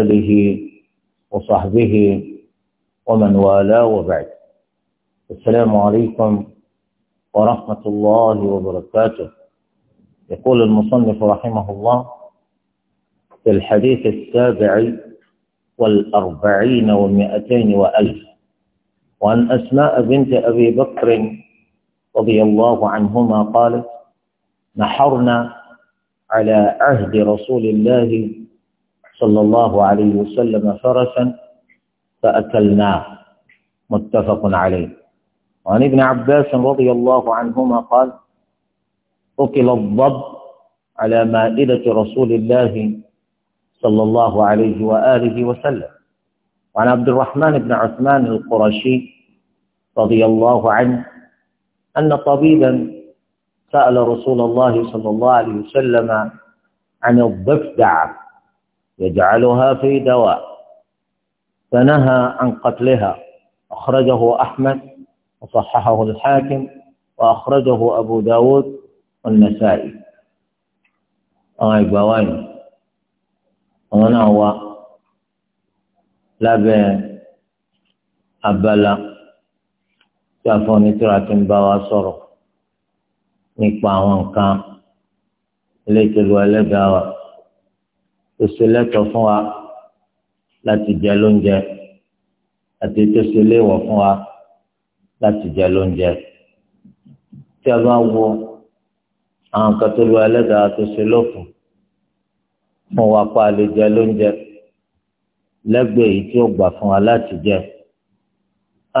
آله وصحبه ومن والاه وبعد السلام عليكم ورحمة الله وبركاته يقول المصنف رحمه الله في الحديث السابع والأربعين ومائتين وألف وعن أسماء بنت أبي بكر رضي الله عنهما قالت نحرنا على عهد رسول الله صلى الله عليه وسلم فرسا فأكلناه متفق عليه وعن ابن عباس رضي الله عنهما قال أكل الضب على مائدة رسول الله صلى الله عليه وآله وسلم وعن عبد الرحمن بن عثمان القرشي رضي الله عنه أن طبيبا سأل رسول الله صلى الله عليه وسلم عن الضفدع يجعلها في دواء فنهى عن قتلها أخرجه أحمد وصححه الحاكم وأخرجه أبو داود والنسائي أي بواني أنا هو لابن أبلا تافوني تراتين بوا صرف نيك àwọn nǹkan ilé ìtẹ̀lú tó ṣe lẹ́tọ̀ fún wa láti jẹ lóúnjẹ àti tó ṣe léèwọ̀ fún wa láti jẹ lóúnjẹ tí a bá wo àwọn kan tó lu ẹlẹ́dàá tó ṣe lófin fún wa pa lè jẹ lóúnjẹ lẹ́gbẹ̀ẹ́ èyí tí ó gbà fún wa láti jẹ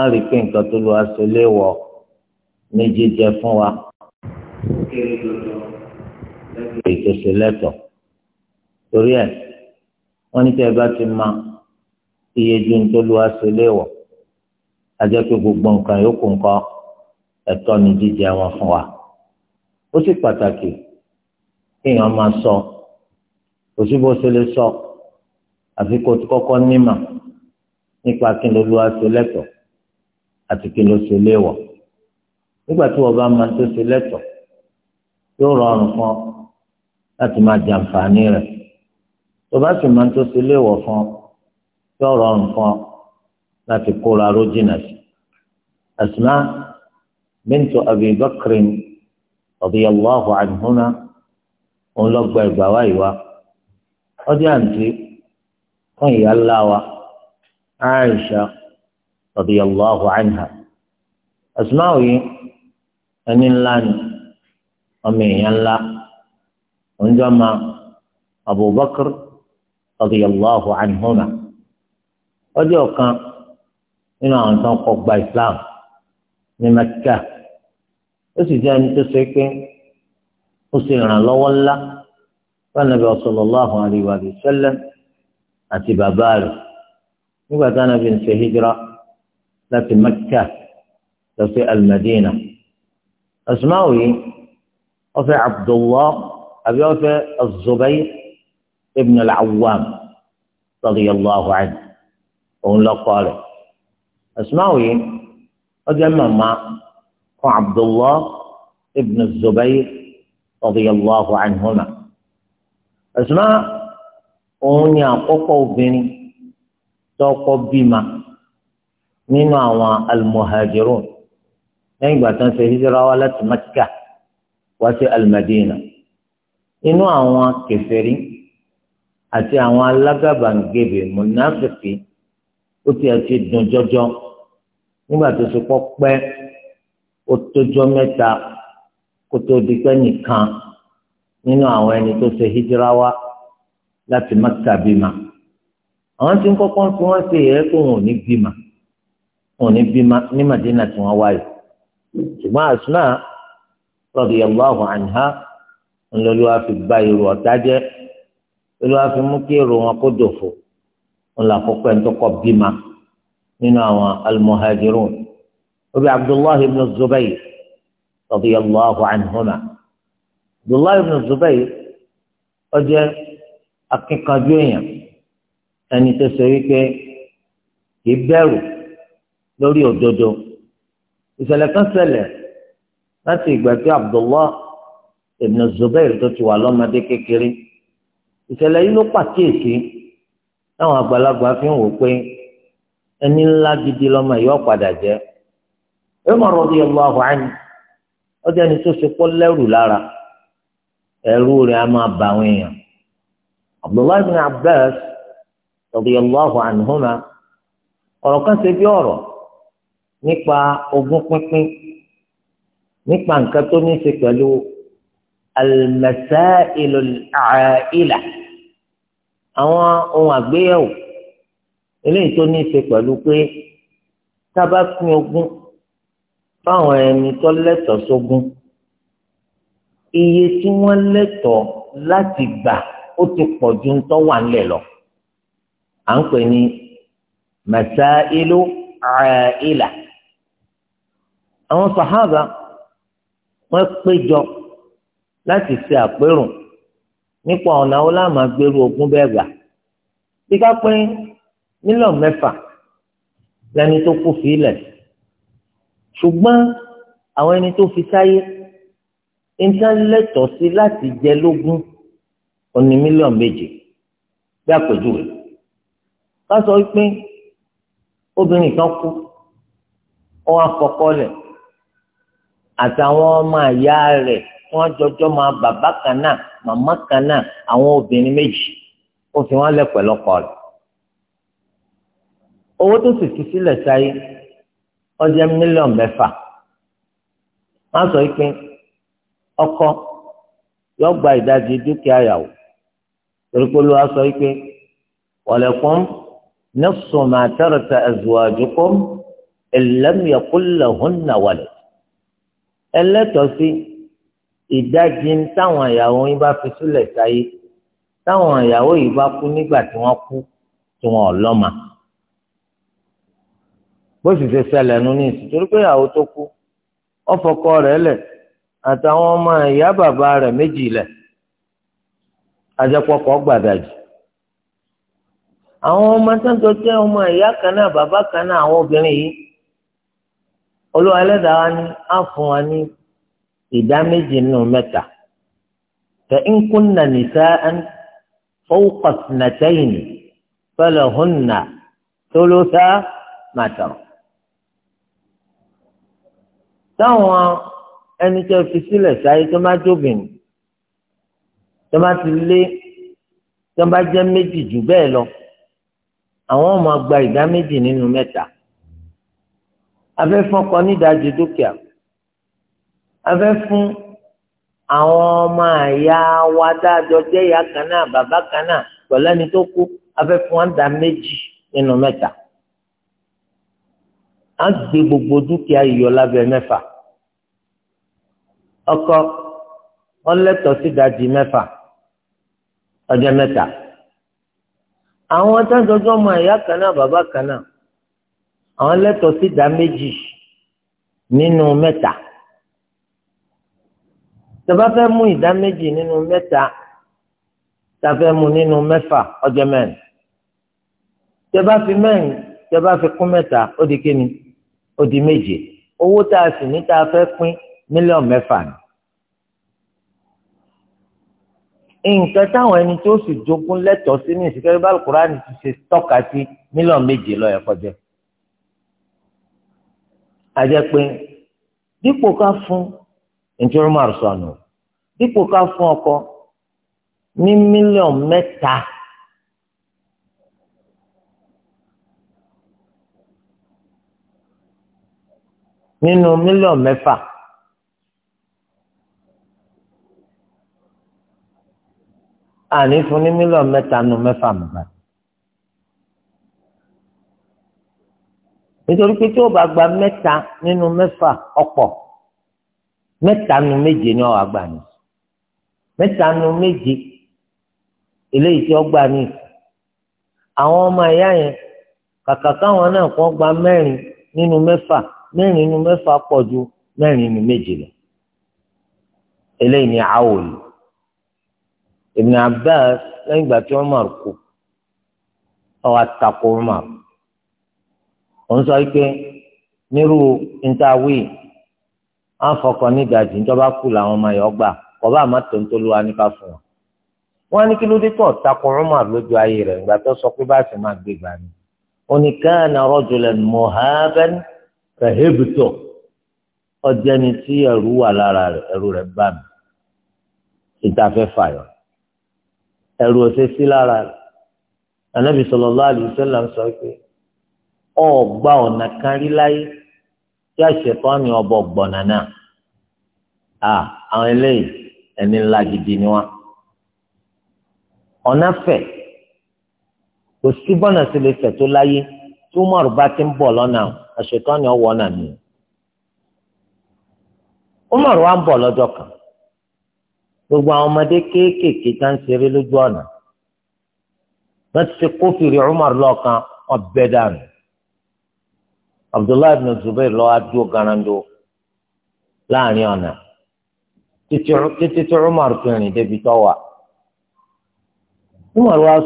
á rí pé nǹkan tó lu aṣọ léèwọ̀ ní jíjẹ fún wa kéré dodo torí ẹ wọn ní tí ẹ bá ti ma iye ju ní tó lu aṣọ léwọ ajẹ pé gbogbo nǹkan yòókù nǹkan ẹ̀tọ́ ni jíjẹ wọn fún wa ó sì pàtàkì kéèyàn máa sọ kò sí bó ṣe lè sọ àfi kó tó kọ́kọ́ nímà nípa kí ló lu aṣọ lẹ́tọ̀ọ́ àti kí ló ṣe léwọ nígbà tí wọn bá máa tó ṣe lẹ́tọ̀ọ́ yóò rọrùn fún ọ láti máa jàǹfààní rẹ̀ tó bá sì máa ń tó ṣe léèwọ̀ fún ọ tí ọ̀rọ̀ ọ̀rùn fún ọ láti kóra ró jìnnà sí. Asma bintu Abi Bakr radiyallahu anhuma òun lọ gba ìgbà wá ìwá ọdí àǹtí fún ìyá ńlá wa Aisha radiyallahu anha. Asma òye ẹni ńlá ni ọmọ èèyàn ńlá. عندما أبو بكر radiyallahu anhuma ọjọ́ kan nínú àwọn tó ń kọ́ gba islam ní mẹ́kà ó sì jẹ́ ẹni tó ṣe pé ó sì ràn lọwọ ńlá fún anabi sallallahu alayhi wa sallam àti bàbá rẹ̀ nígbà tí anabi ń ṣe hijira láti mẹ́kà lọ sí almadina asma'u yìí ó fẹ́ abi ọfẹ ó ابن العوام رضي الله عنه وهو قال اسمعوا أجمع ما عبد الله ابن الزبير رضي الله عنهما اسمع أون يقوقو بن توقو بما من المهاجرون لأن باتن في هجرة مكة وفي المدينة إنو أون كفرين àti àwọn alágàbàǹgebè mùnáfìkì ó ti àti dùn jọjọ nígbà tó ti pọ̀ pẹ́ ó tójọ́ mẹ́ta kó tó di pé nìkan nínú àwọn ẹni tó ṣe hijira wá láti Mẹ́kà bímà àwọn tí ń kọ́kọ́ fi wọ́n ṣe yẹ kó wọn ò ní bímà wọn ò ní bímà ní Madina tí wọ́n wáyé ṣùgbọ́n Asma radiyallahu anha ńlọlọ́wọ́ fi gba irú ọ̀tá jẹ́ olúwa fi mú kí èrò wọn kó dòfo wọn là kọ́kọ́ ẹni tó kọ́ bímá nínú àwọn almuhajirun obi abdullahi ibn zubayr radiyallahu anhuma abdullahi ibn zubayr ó jẹ́ akínkanjú èèyàn ẹni tó ṣe wípé kì í bẹ̀rù lórí òdodo ìṣẹ̀lẹ̀ kan ṣẹlẹ̀ láti ìgbà tí abdullah ibn zubair tó ti wà lọ́mọdé kékeré ìṣẹ̀lẹ̀ yìí ló pàkíyèsí táwọn àgbàlagbà fi ń wò pé ẹni ńlá gidi lọ́mọ yìí ọ̀padà jẹ́ Umar radiyallahu anhu ọjọ́ ẹni tó ṣe pọ́ lẹ́rù lára ẹ̀rù rẹ̀ á máa bà àwọn èèyàn Abdullahi bin Abbas radiyallahu anhuma ọ̀rọ̀ kan ṣe bí ọ̀rọ̀ nípa ogún pínpín nípa nǹkan tó ní í ṣe pẹ̀lú al-masailul 'aila àwọn ohun àgbéyẹ̀wò eléyìí tó ní í ṣe pẹ̀lú pé tá a bá pín ogún fáwọn ẹni tó lẹ́tọ̀ọ́ sógún iye tí wọ́n lẹ́tọ̀ọ́ láti gbà ó ti pọ̀ ju ń tọ́ wà ńlẹ̀ lọ à ń pè ní masailu aila àwọn sàhábà wọ́n péjọ láti ṣe àpérò nípa ọ̀nà wo láàmà gbèrú ogún bẹ́ẹ̀ gbà bí ká pín mílíọ̀nù mẹ́fà lẹ́ni tó kú fi ilẹ̀ ṣùgbọ́n àwọn ẹni tó fi sáyé ìńtánlẹ́tọ̀ sí láti jẹ lógún òní mílíọ̀nù méje bí àpèjúwe ká sọ pé obìnrin kan kú ó wá kọ́kọ́ lẹ̀ àtàwọn ọmọ àyá rẹ̀ wọ́n jọjọ́ máa bàbá kan náà màmá kan náà àwọn obìnrin méjì ó fi wọ́n lẹ̀ pẹ̀lọ́pọ̀ rẹ̀ owó tó sì fi sílẹ̀ sáyé ó jẹ́ mílíọ̀nù mẹ́fà wọ́n sọ pé ọkọ yóò gba ìdajì dúkìá yàwó torí pé sọ pé walakum nisfu ma taraka azwajukum illam yakul lahunna walad ẹlẹ́tọ̀ọ́ sí. ìdájí ń táwọn àyàwó yín bá fi sílẹ̀ sáyé táwọn àyàwó yìí bá kú nígbà tí wọ́n kú tí wọ́n ọlọ́mà bó sì ṣe ṣẹlẹ̀ nu ní ìsìn torí pé tó kú rẹ̀ lẹ̀ àtàwọn ọmọ ìyá bàbá rẹ̀ méjì lẹ̀ gbàdájì àwọn ọmọ jẹ́ ọmọ ìyá kan náà bàbá kan náà àwọn obìnrin yìí ìdá méjì nínú mẹ́ta fa in kunna nisa'an fawqa ithnatayn falahunna thulutha ma tarak. táwọn ẹni tó fi sílẹ̀ sáyé tó má jóbìnrin tó má ti lé tó bá jẹ́ méjì jù bẹ́ẹ̀ lọ àwọn ọmọ gba ìdá nínú mẹ́ta afẹ́fọ́n kan nídàájú dúkìá afẹ́ fún àwọn ọmọ àyà wa dájọ jẹ́ ìyá kan náà bàbá kan náà pẹ̀lú ẹni tó kú afẹ́ fún wọn dá méjì nínú mẹ́ta á gbé gbogbo dúkìá yọ lábẹ́ mẹ́fà ọkọ ọlẹ́tọ̀ sí dájì mẹ́fà ọjọ́ mẹ́ta àwọn tájọjọ́ ọmọ ìyá kan náà bàbá kan náà àwọn lẹ́tọ̀ sí dá méjì nínú mẹ́ta. No tọba fẹ́ mú ìdá méjì nínú mẹ́ta tàfẹ́ mú nínú mẹ́fà ọjọ́ mẹ́rin tọba fi mẹ́rin tọba fi kún mẹ́ta ó di kíni ó di méje owó tá a sì ní tá a fẹ́ pín mílíọ̀nù mẹ́fà ni. nǹkan táwọn ẹni tó sì jogún lẹ́tọ̀ọ́ sí ní ìsìnkẹ́rẹ́ bá Al-Kùránì ti ṣe tọ́ka sí mílíọ̀nù méje ló yẹ kó jẹ́. àjẹpé dípò ká fún nítorí Umar sọnù dípò ká fún ọkọ ní mílíọ̀nù mẹ́ta nínú mílíọ̀nù mẹ́fà. àní fún ní mílíọ̀nù mẹ́ta nínú mẹ́fà mọ̀gbà. nítorí pé tí ó bá gba mẹ́ta nínú mẹ́fà ọ̀pọ̀ mẹ́ta nu méje ni ọ̀wá gbà ní mẹ́ta nu méje eléyìí tí ó gbà ní àwọn ọmọ ẹ̀yà yẹn kàkà káwọn náà kàn gba mẹ́rin nínú mẹ́fà mẹ́rin nínú mẹ́fà pọ̀ ju nínú méje lọ eléyìí ni àwòl Ibn Abbas lẹ́yìn ìgbà tí Umar kú ọwọ́ àtakò Umar òun sọ pé nírú ntàwí á fọkàn ní ìdajì níjọba kù làwọn ọmọ yọ gbà kọba àmọ́ tontolu wa nípa fún wọn. wọn ní kí ló dé tó ọ̀tako Umar lójú ayé rẹ̀ ìgbà tó sọ pé bá a sì máa gbé gbà ní. oníkànnà rajulan muhaban fahibtu ọjọ́ ni tí ẹ̀rù wà lára rẹ̀ ẹ̀rù bá mi ìtafẹ́ fàyọ̀ ẹ̀rù ọ̀sẹ̀ sí lára rẹ̀ anabi sallallahu sọ pé ọ̀gbà ọ̀nà kan rí láyé kí àṣetọ́ ni ọbọ gbọ̀nà náà à àwọn eléyìí ẹni ńlá gidi ni wọn. ọ̀nà fẹ̀ kò sí bọ́nà sí lè fẹ̀ tó láyé tí umaru bá ti ń bọ̀ lọ́nà àṣetọ́ ni ọwọ́ náà ni. umaru wa ń bọ̀ lọ́jọ́ kan gbogbo àwọn ọmọdé kéékèèké tá ń ṣeré lójú ọ̀nà wọ́n ti fi kófìrí umaru lọ́ọ̀kan ọ̀bẹ dànù. abdullahi ibn zubair lọ adúró garando láàrin ọ̀nà títí tí umar fi rìn débi wa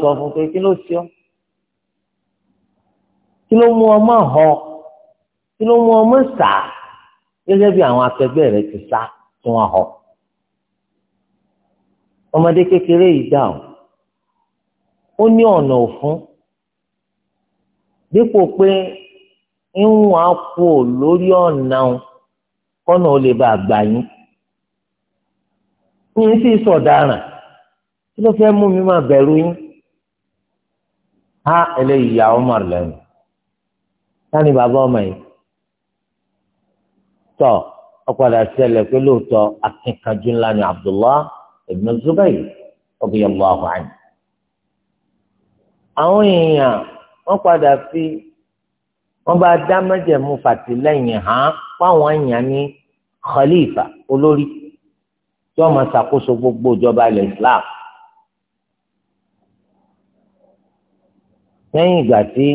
sọ fún pé kí ló ṣe kí ló ọmọ họ kí ló mú sá bí àwọn akẹgbẹ́ rẹ̀ ti sá tí họ ọmọdé kékeré yìí dà O ó ní ọ̀nà ń wá kú lórí ọ̀nà kọ́nà ó lè bá a gbà yín ní sí sọ̀daràn kí ló fẹ́ mú mi máa bẹ̀rù yín á eléyìí ya Umar lẹ́nu tani bàbá ọmọ yìí tọ ọ̀padà ṣẹlẹ̀ pé lóòótọ́ akínkanjú ńlá ni Abdullah ibn Zubayr radiyallahu anhu àwọn èèyàn wọ́n padà fi wọ́n bá dá májẹ̀mú fàtìlẹ́yìn hàn fáwọn èèyàn ní khalifa olórí tí wọ́n máa ṣàkóso gbogbo ìjọba ilẹ̀ Islam. lẹ́yìn ìgbà tí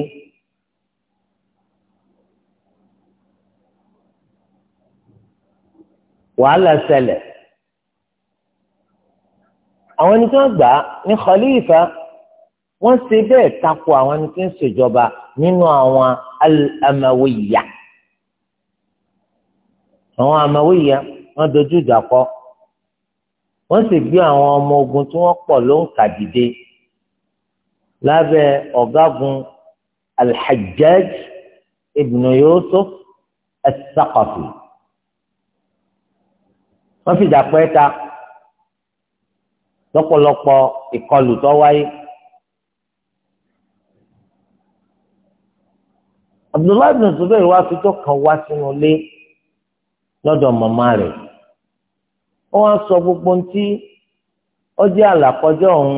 wàhálà ṣẹlẹ̀ àwọn ẹni tí wọ́n gbà ní khalifa wọ́n ṣe bẹ́ẹ̀ tako àwọn ẹni tí ń ṣèjọba nínú àwọn amawiya àwọn amawiya wọ́n dojú ìjà kọ wọ́n sì gbé àwọn ọmọ ogun tí wọ́n pọ̀ ló ń kà dìde lábẹ́ ọ̀gágun alhajjaj ibn yusuf as-saqafi fìjà pẹ́ ta lọ́pọ̀lọpọ̀ ìkọlù tó wáyé. abdullahi bin zubair wá fijọ́ kan wá sínú ilé lọ́dọ̀ màmá rẹ̀ ó wá sọ gbogbo ntí ó jẹ́ àlàkọjọ́ òun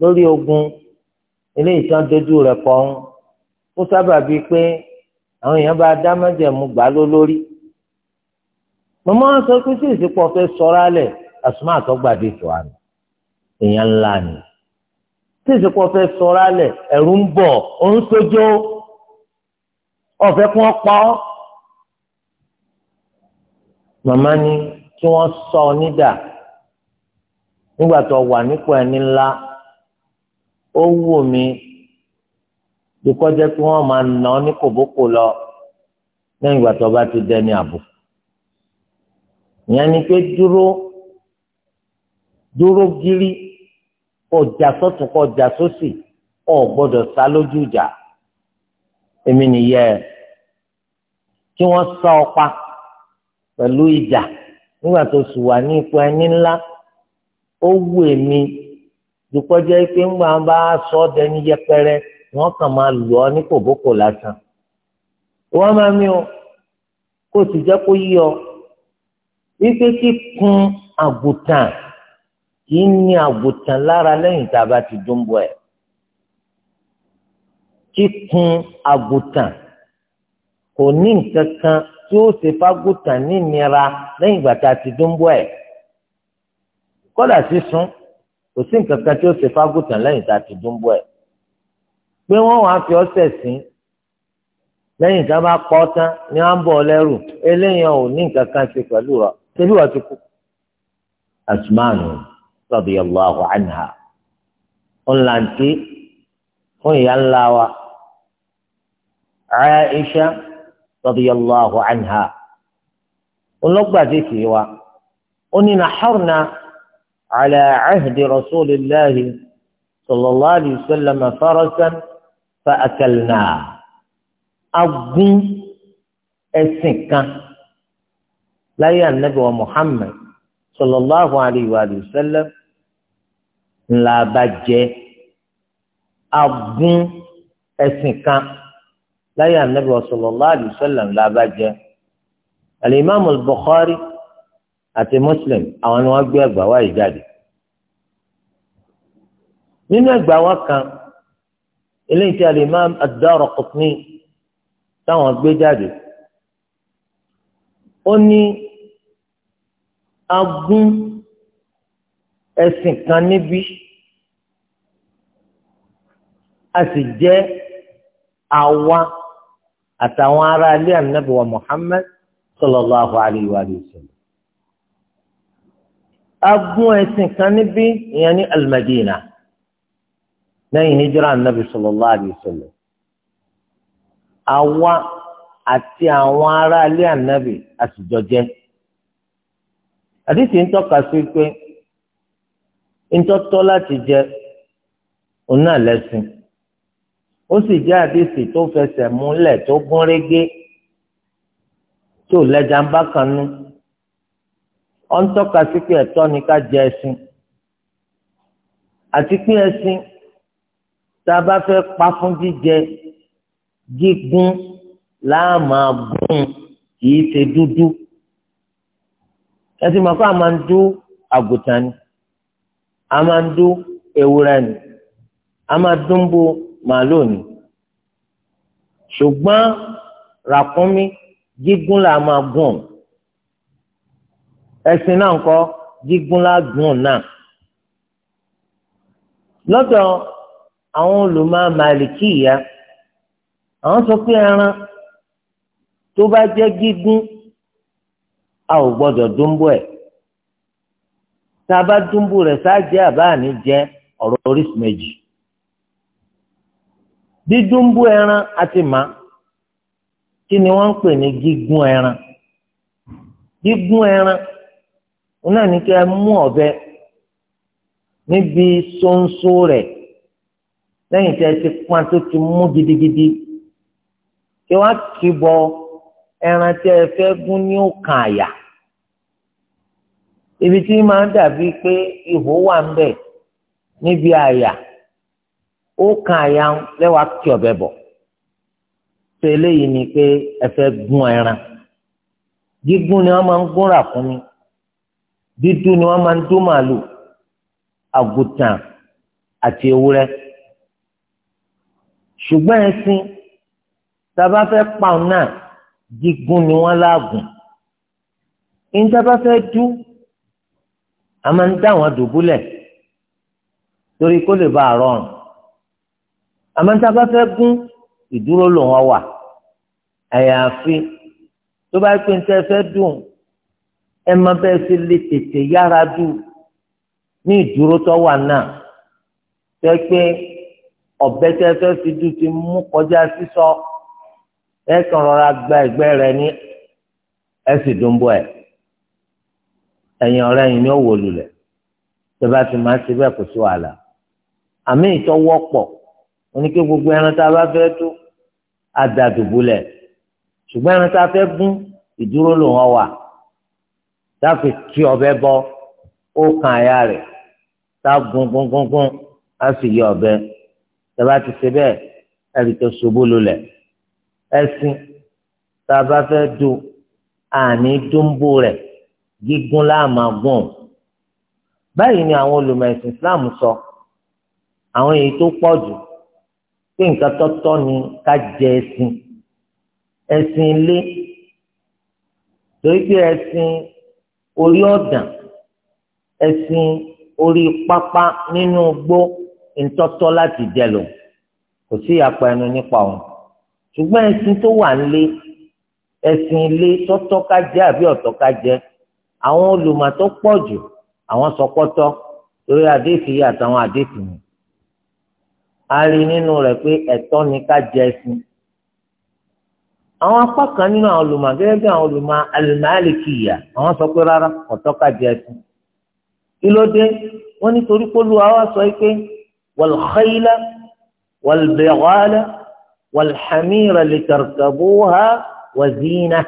lórí ogun ilé ìtàn dojú rẹ̀ kọ òun ó sábà bíi pé àwọn èèyàn bá dá májẹ̀mú gbà ló lórí màmá wa sọ pé sí ìsìnkú ọ̀fẹ́ sọ̀rọ̀ alẹ̀ àsùnmọ́ àtọ́gbàdé tó àná èèyàn ńlá ni tí ìsìnkú ọ̀fẹ́ sọ̀rọ̀ alẹ̀ ẹ̀rù ń bọ̀ ó ń sójó ọ̀fẹ́ kí wọ́n pa ọ́. màmá ni kí wọ́n sọ ọ nídà nígbà tó wà nípò ẹni ńlá ó wù mí dukọ́ jẹ́ kí wọ́n máa nà ọ́ ní kòbókò lọ lẹ́yìn ìgbà tó bá ti dẹni àbùkù. ìyẹn ni pé dúró dúró gírí ọjà sọ́tún kọjá sósì ọ̀ gbọ́dọ̀ sá lójú ìjà èmi nìyẹ kí wọ́n sá ọ pa pẹ̀lú ìjà nígbà tó sì wà ní ipò ẹni ńlá ó wù èmi dùpọ́jẹ́ pé ńgbà bá sọ ọ́ dẹni yẹpẹrẹ wọ́n kàn máa lù ọ́ ní kòbókò lásán wọ́n máa mi o kó sì jẹ́ kó yí ọ wípé kíkun àgùntàn kì í ní àgùntàn lára lẹ́yìn tá a bá ti dúnbọ̀ ẹ̀ kíkun àgùntàn kò ní nǹkan kan tí ó ṣe fágùntàn nínira lẹ́yìn ìgbà tá a ti dúnbọ ẹ kódà sísun kò sí nǹkan kan tí ó ṣe fágùntàn lẹ́yìn tá a ti dúnbọ ẹ pé wọ́n wàá fi ọsẹ sí lẹ́yìn tá a bá pọ tán ni wọ́n bọ̀ lẹ́rù eléyìí ò ní nǹkan kan ṣe pẹ̀lú rẹ̀ pẹ̀lú rẹ̀ ti kú. asmanu radiyallahu anha ọ̀làǹtí fún ìyá ńlá wa. Aisha radiyallahu anha olọgbàdìsí wa ó ní naharna ala ahdi rasulillahi sallallahu alayhi wa sallam farasan fa akalna agun ẹsìn kan láyé anabi wa muhammad sallallahu alayhi wa sallam ńlá bàjẹ́ agun ẹsìn kan láyé anabi sallallahu alaihi wasallam làbàjẹ́ alimami al-Bukhari àti Muslim àwọn ni wọ́n gbé ẹgbàá wáyé jáde nínú ẹgbàá wa kan eléyìí tí alimami ad-Daraqutni táwọn gbé jáde ó ní agún ẹ̀sìn kan níbí a sì jẹ́ àwa àtàwọn ará ilé ànábì wa Muhammad sallallahu alayhi wa sallam. agún ẹ̀sìn kan níbí ìyẹn ní al-Madina lẹ́yìn hijira ànábì sallallahu alayhi wa sallam. àwa àti àwọn ará ilé ànábì àtijọ́ jẹ́. àdìsí ń tọ́ka sí pé ń tọ́tọ́ láti jẹ òun lẹ́sìn ó sì jẹ́ àdéhùn tó fẹsẹ̀ múlẹ̀ tó gún régé tí ò lẹ́jà ń bá kan nú ọ ń tọ́ka sí pé ẹ̀tọ́ ni ká jẹ ẹṣin àti pé ẹṣin tá a bá fẹ́ pa fún jíjẹ gígún láàmà gún kìí ṣe dúdú ẹṣin mọ̀ pé a máa ń dú àgùntàn ni a máa ń dú ewúrẹ́ ni a máa dún bó màálùú ni ṣùgbọ́n ràkúnmí gígùn là máa gùn ẹṣin náà kọ́ gígùn là gùn náà lọ́dọ̀ àwọn olùmọ̀ màlìkìyà àwọn sọ pé ẹran tó bá jẹ́ gígùn a ò gbọ́dọ̀ dúnbò ẹ̀ tá a bá dúnbò rẹ̀ sáà jẹ́ àbáàní jẹ́ ọ̀rọ̀ oríṣi méjì. dídúnbú ẹran àti màá kí ni wọ́n ń pè ní gígún ẹran gígún ẹran náà ní kí ẹ mú ọ̀bẹ níbi rẹ̀ ti ti mú gidigidi kí wọ́n ti bọ ẹran tí ẹ gún ní òkàn àyà ibi ó kan àyà ń lẹ́wàá kí ọ̀bẹ bọ̀ tó eléyìí ni pé ẹ fẹ́ gún ẹran gígún ni wọ́n máa ń gún ràkúnmí dídú ni wọ́n máa ń dún màálù àgùntàn àti ewúrẹ́ ṣùgbọ́n ẹṣin tábà fẹ́ pàun náà gígún ni wọ́n láàgùn ìjọba fẹ́ dú a máa ń dá wọn dùbúlẹ̀ torí kó lè bá a rọrùn àmọ́ tá a bá fẹ́ gún ìdúró ló wọn wà àyàfi tó bá pé ní tẹ́ fẹ́ dùn ẹ má bẹ́ẹ̀ sí lè tètè yára dùn ní ìdúró tó wà náà tẹ́ pé ọ̀bẹ tẹ́ fẹ́ fi dùn ti mú kọjá sísọ ẹ kàn rọra gba ẹ̀gbẹ́ rẹ ní ẹ dùn bọ́ ẹ̀ ẹ̀yin ọ̀rẹ́ yìí ni ó wò lulẹ̀ tó bá ti máa ṣe bẹ́ẹ̀ kó sí wàhálà àmì ìtọ́wọ́pọ̀ oníke gbogbo ẹran tá a bá fẹ́ tó adàdùbúlẹ̀ ṣùgbọ́n ẹran tá a fẹ́ gún ìdúró ló hàn wà dáfi kí ọbẹ̀ bọ́ ó kan àyà rẹ̀ tá a gún gún gún gún á sì yí ọbẹ̀ tẹ́lá ti ṣe bẹ́ẹ̀ ẹ̀rì tó ṣubú lulẹ̀ ẹṣin tá a bá fẹ́ dùn àní dúnbò rẹ̀ gígún láàmà gùn báyìí ni àwọn olùmọ̀ ẹ̀sìn Islam sọ àwọn èyí tó pọ̀ jù pé nǹkan tọ́tọ́ ni ká jẹ ẹ̀sìn ẹ̀sìn ilé torí pé ẹ̀sìn orí ọ̀dàn ẹ̀sìn orí pápá nínú igbó ńtọ́tọ́ láti jẹ lò kò sí ìyapa ẹnu nípa òun ṣùgbọ́n ẹ̀sìn tó wà nílé ẹ̀sìn ilé tọ́tọ́ ká jẹ àbí ọ̀tọ́ ká jẹ àwọn olùmọ̀ tó pọ̀ jù àwọn sọpọ́tọ́ torí adéfìyà àtàwọn adéfìyà a rí nínú rẹ̀ pé ẹ̀tọ́ ni ká jẹ ẹṣin àwọn apá kan nínú àwọn olùmọ̀ gẹ́gẹ́ bí àwọn olùmọ̀ alìmáàlìkìyà àwọn sọ pé rárá ọ̀tọ̀ ká jẹ ẹṣin kí ló dé wọ́n nítorí pólúwa wá sọ pé wàlúxẹ́yìlá wàlúbẹ̀wàlá wàlúhàmìrà lè tàrkàbó ha wàzínà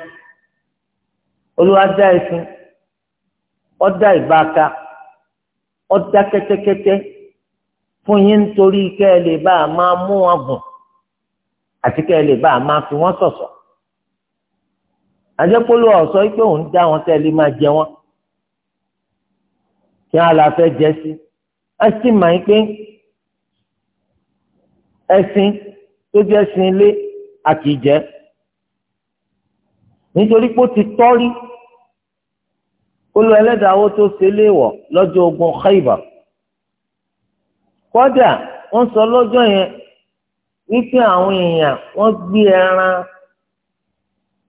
olúwa dá ẹṣin ó dá ìbáka ó dá kẹ́tẹ́kẹ́tẹ́ fún yín nítorí kẹ́ ẹ lè bá a máa mú wọn gùn àti kẹ́ ẹ lè bá a máa fi wọ́n ṣọ̀ṣọ̀ àjẹpọlọ ọsọ pé òun dá wọn tẹ́lẹ̀ máa jẹ wọn kí wọn la fẹ́ jẹ sí ẹ sì máa ń pé ẹ̀sìn tó jẹ sin ilé a kì nítorí pé ó ti tọ́rí olú ẹlẹ́dàá owó tó ṣe léèwọ̀ lọ́jọ́ ogun Khaybar. kódà wọ́n sọ lọ́jọ́ yẹn wípé àwọn èèyàn wọ́n gbé ẹran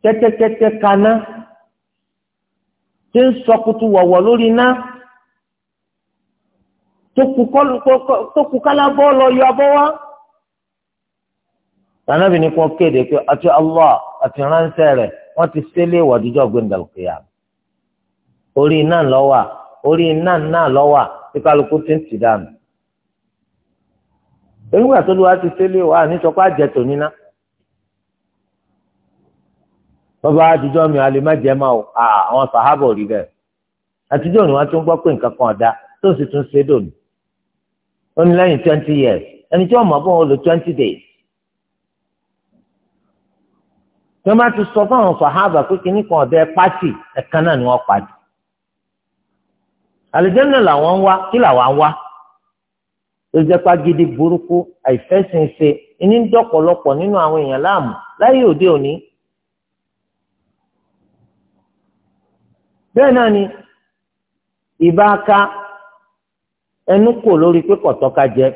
tẹtẹtẹtẹ kaná tí ń sọkutu wọwọ lórí iná tó kú lọ yọ wá. Tànàbì Allah àti ti sélé ìwọ̀dìjọ́ gbẹ̀ndàlùkìyà. Orí iná lọ́wà, orí iná náà nígbà tó lù wá ti tẹ́lẹ̀ wá ní sọpá jẹtò níná bàbá àtijọ́ mi àlè má jẹ́ máa o àwọn sàhábọ̀ rí bẹ́ẹ̀ àtijọ́ ni wọ́n tún gbọ́ pé nǹkan kan ọ̀dà tó sì tún ṣe dòní ó ní lẹ́yìn twenty years ẹni tí wọ́n mọ̀ bọ́n ó twenty days tí wọ́n bá ti sọ fún àwọn sàhábà pé kínní kan ọ̀dà ẹ pàtì ẹ̀kan náà ni wọ́n pàtì àlùjànnà làwọn ń wá kí làwọn ń wá ló gidi burúkú àìfẹ́sìnṣe ìní ń dọ̀pọ̀lọpọ̀ nínú àwọn èèyàn láàmú láyé òde òní. bẹ́ẹ̀ náà ni ìbáka ẹnu kò lórí pé kọ̀tọ́ka jẹ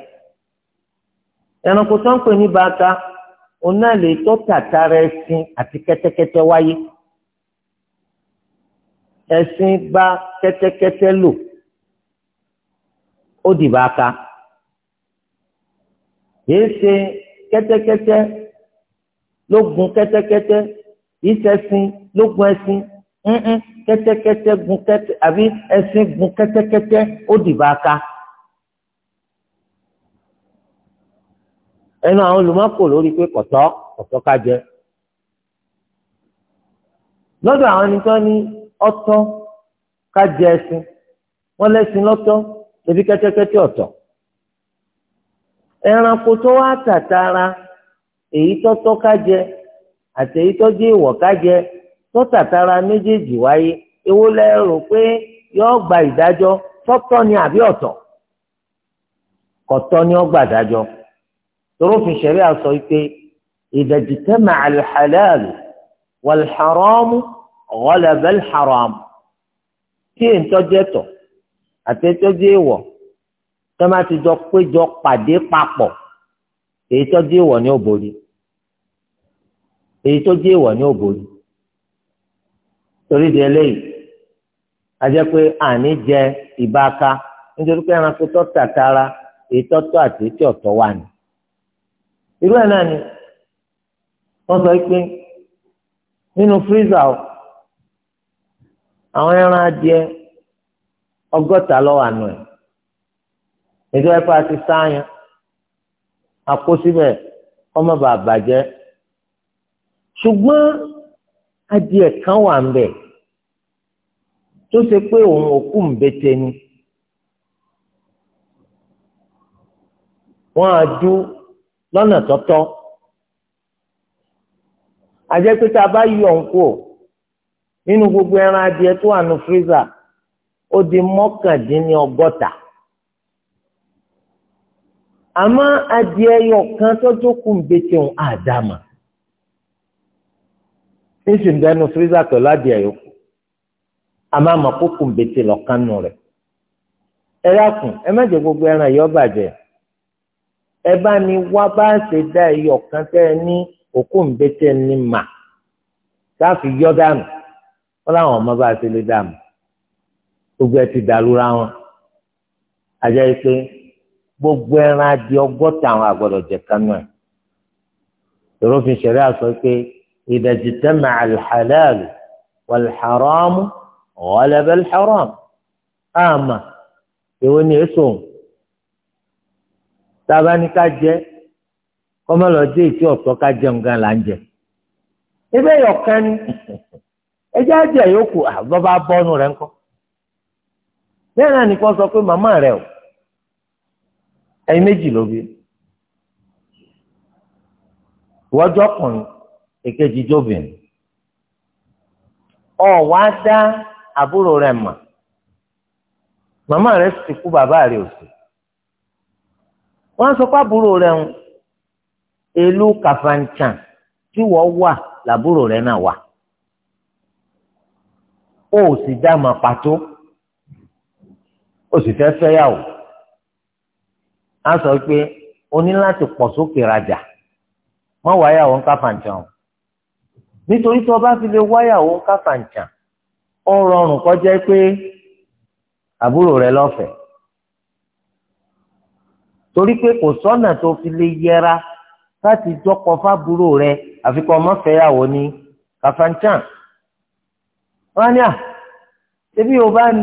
ẹranko tó ń pè ní báka òun náà lè tó tàtàrà ẹṣin àti kẹ́tẹ́kẹ́tẹ́ wáyé ẹṣin bá kẹ́tẹ́kẹ́tẹ́ lò ó di báka yìí ṣe kẹ́tẹ́kẹ́tẹ́ ló gun kẹ́tẹ́kẹ́tẹ́ yìí ṣẹṣin ló gun ẹṣin ńǹ kẹ́tẹ́kẹ́tẹ́ gun kẹ́tẹ́ àbí ẹṣin gun kẹ́tẹ́kẹ́tẹ́ ó dìbà ká. ẹnu àwọn olùmọ́kò lórí pé kọ̀tọ́ kọ̀tọ́ ká jẹ. lọ́dọ̀ àwọn ẹni tó ní ọ̀tọ̀ ká jẹ ẹṣin wọ́n lẹ́sìn lọ́tọ̀ ebi kẹ́tẹ́kẹ́tẹ́ ọ̀tọ̀. ẹranko tó wá tàtara èyí tọ́tọ́ ká jẹ àti èyí tọ́jú ìwọ̀ ká jẹ tó tàtàrà méjèèjì wáyé èwo lẹ pé yóò gba ìdájọ́ tọ́tọ́ ni àbí ọ̀tọ̀ kọ̀tọ́ ni ó gba ìdájọ́ torófin ṣẹ̀rí àsọ pé ìdàjìtẹ́mà àlùhàlàlù tó ti jọ péjọ pàdé papọ̀ èyí tó dé ìwọ̀ ní òbòrí èyí tó dé ìwọ̀ ní òbòrí torí di eléyìí a jẹ́ pé àní jẹ ìbáka nítorí pé ẹranko tó èyí tó àti èyí tí ọ̀tọ̀ wà ní. irú ẹ̀ ni wọ́n sọ ètò ẹ̀kọ́ àti sáyẹn àkó síbẹ̀ ọmọ bàá bàjẹ́ ṣùgbọ́n adìẹ kan wà ń bẹ̀ tó ṣe pé òun òkú ń bẹ́tẹ̀ ni wọ́n á dú lọ́nà tọ́tọ́ àjẹ́ pé tá a bá yọ òun kú nínú gbogbo ẹran adìẹ tó wà ní fírísà ó di mọ́kàndínní àmọ́ adìẹ yọ kan tọ́jú kù ń bẹ àdàmà níṣì ń dẹnu fírísà pẹ̀lú adìẹ yòókù àmọ́ àmọ́ kó kù ń ẹ gbogbo ẹran yọ bàjẹ́ ẹ bá ní wá bá ṣe dá ẹyọ kan tẹ́ ẹ ní òkú ń bẹ tẹ́ ẹ yọ dànù wọn làwọn ọmọ bá ṣe lè dànù gbogbo gbogbo ẹran adì ọgọ́ta àwọn àgbọ̀dọ̀ jẹ kánú ẹ̀. ìròfin ṣẹ̀rí àsọ pé ìdajì tẹ́mà alḥàlàlù wàlḥàrọ́mù ọ̀ọ́lẹ́bẹ̀ lḥàrọ́mù àmà èwo ni èso tábà ní ká jẹ kọ́mọ́lọ́ dé ìtí ọ̀tọ́ ká jẹun gan là ń jẹ. ibẹ̀ yọ̀ kan ni ẹjẹ́ àjẹ́ yòókù àbọ̀bá bọ́nu rẹ̀ ńkọ́. bẹ́ẹ̀ náà ni sọ pé màmá rẹ̀ o ẹyin méjì ló bí ìwọ́jọ́ ọkùnrin èkejì jóbìnrin ọ̀ wá dá àbúrò rẹ̀ mà màmá rẹ̀ sì kú bàbá rẹ̀ ò sí wọ́n sọ pé àbúrò rẹ̀ ń ìlú kàfàǹchàn tí wọ́n wà làbúrò rẹ̀ náà wà ó sì dá mà ó sì fẹ́ fẹ́yàwó. a sọ pé o ní láti pọ̀ sókè rajà má wáyàwó ń o nítorí tí wọ́n bá fi lè wáyàwó ń káfàǹtàn ó rọrùn kọjá pé àbúrò rẹ lọ́fẹ̀ẹ́ torí pé kò sọ́nà tó fi lè yẹra láti jọpọ̀ fábúrò rẹ àfikún ọmọfẹ́yàwó ní káfàǹtàn wọ́n ní à Yorùbá ni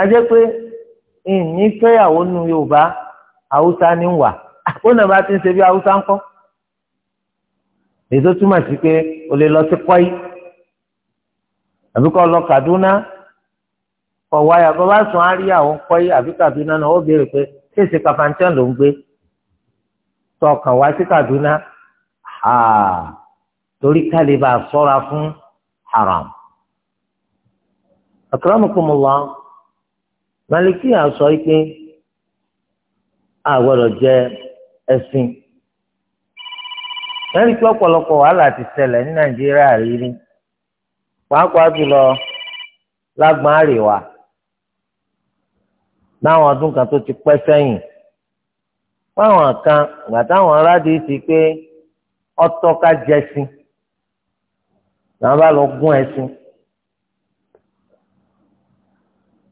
a jẹ́ pé ìní fẹ́yàwó nu Yorùbá. haúsá ní wà ó nàbà ti ń ṣe bí haúsá ń kọ́ èso túmọ̀ sí pé o lè lọ sí kọ́í àbí lọ Kaduna kọ̀ wáyà bọ́ bá sùn á rí àwọn kọ́í àbí Kaduna náà ó béèrè pé ṣé èsì kàfàǹtẹ́n ló ń gbé tọkàn wá sí Kaduna torí ká bá a sọ́ra fún haram. akramakumullah Malikiya sọ pé. àgbọ̀dọ̀ jẹ ẹsìn lẹ́yìn tí ọ̀pọ̀lọpọ̀ wàhálà ti ṣẹlẹ̀ ní nàìjíríà rí ni pàápàá jùlọ lágbọ̀n àríwá láwọn ọdún kan tó ti pẹ sẹ́yìn fáwọn kan ìgbà táwọn aládìí ti pé ọtọ ká jẹ́sìn làwọn bá lọ gún ẹsìn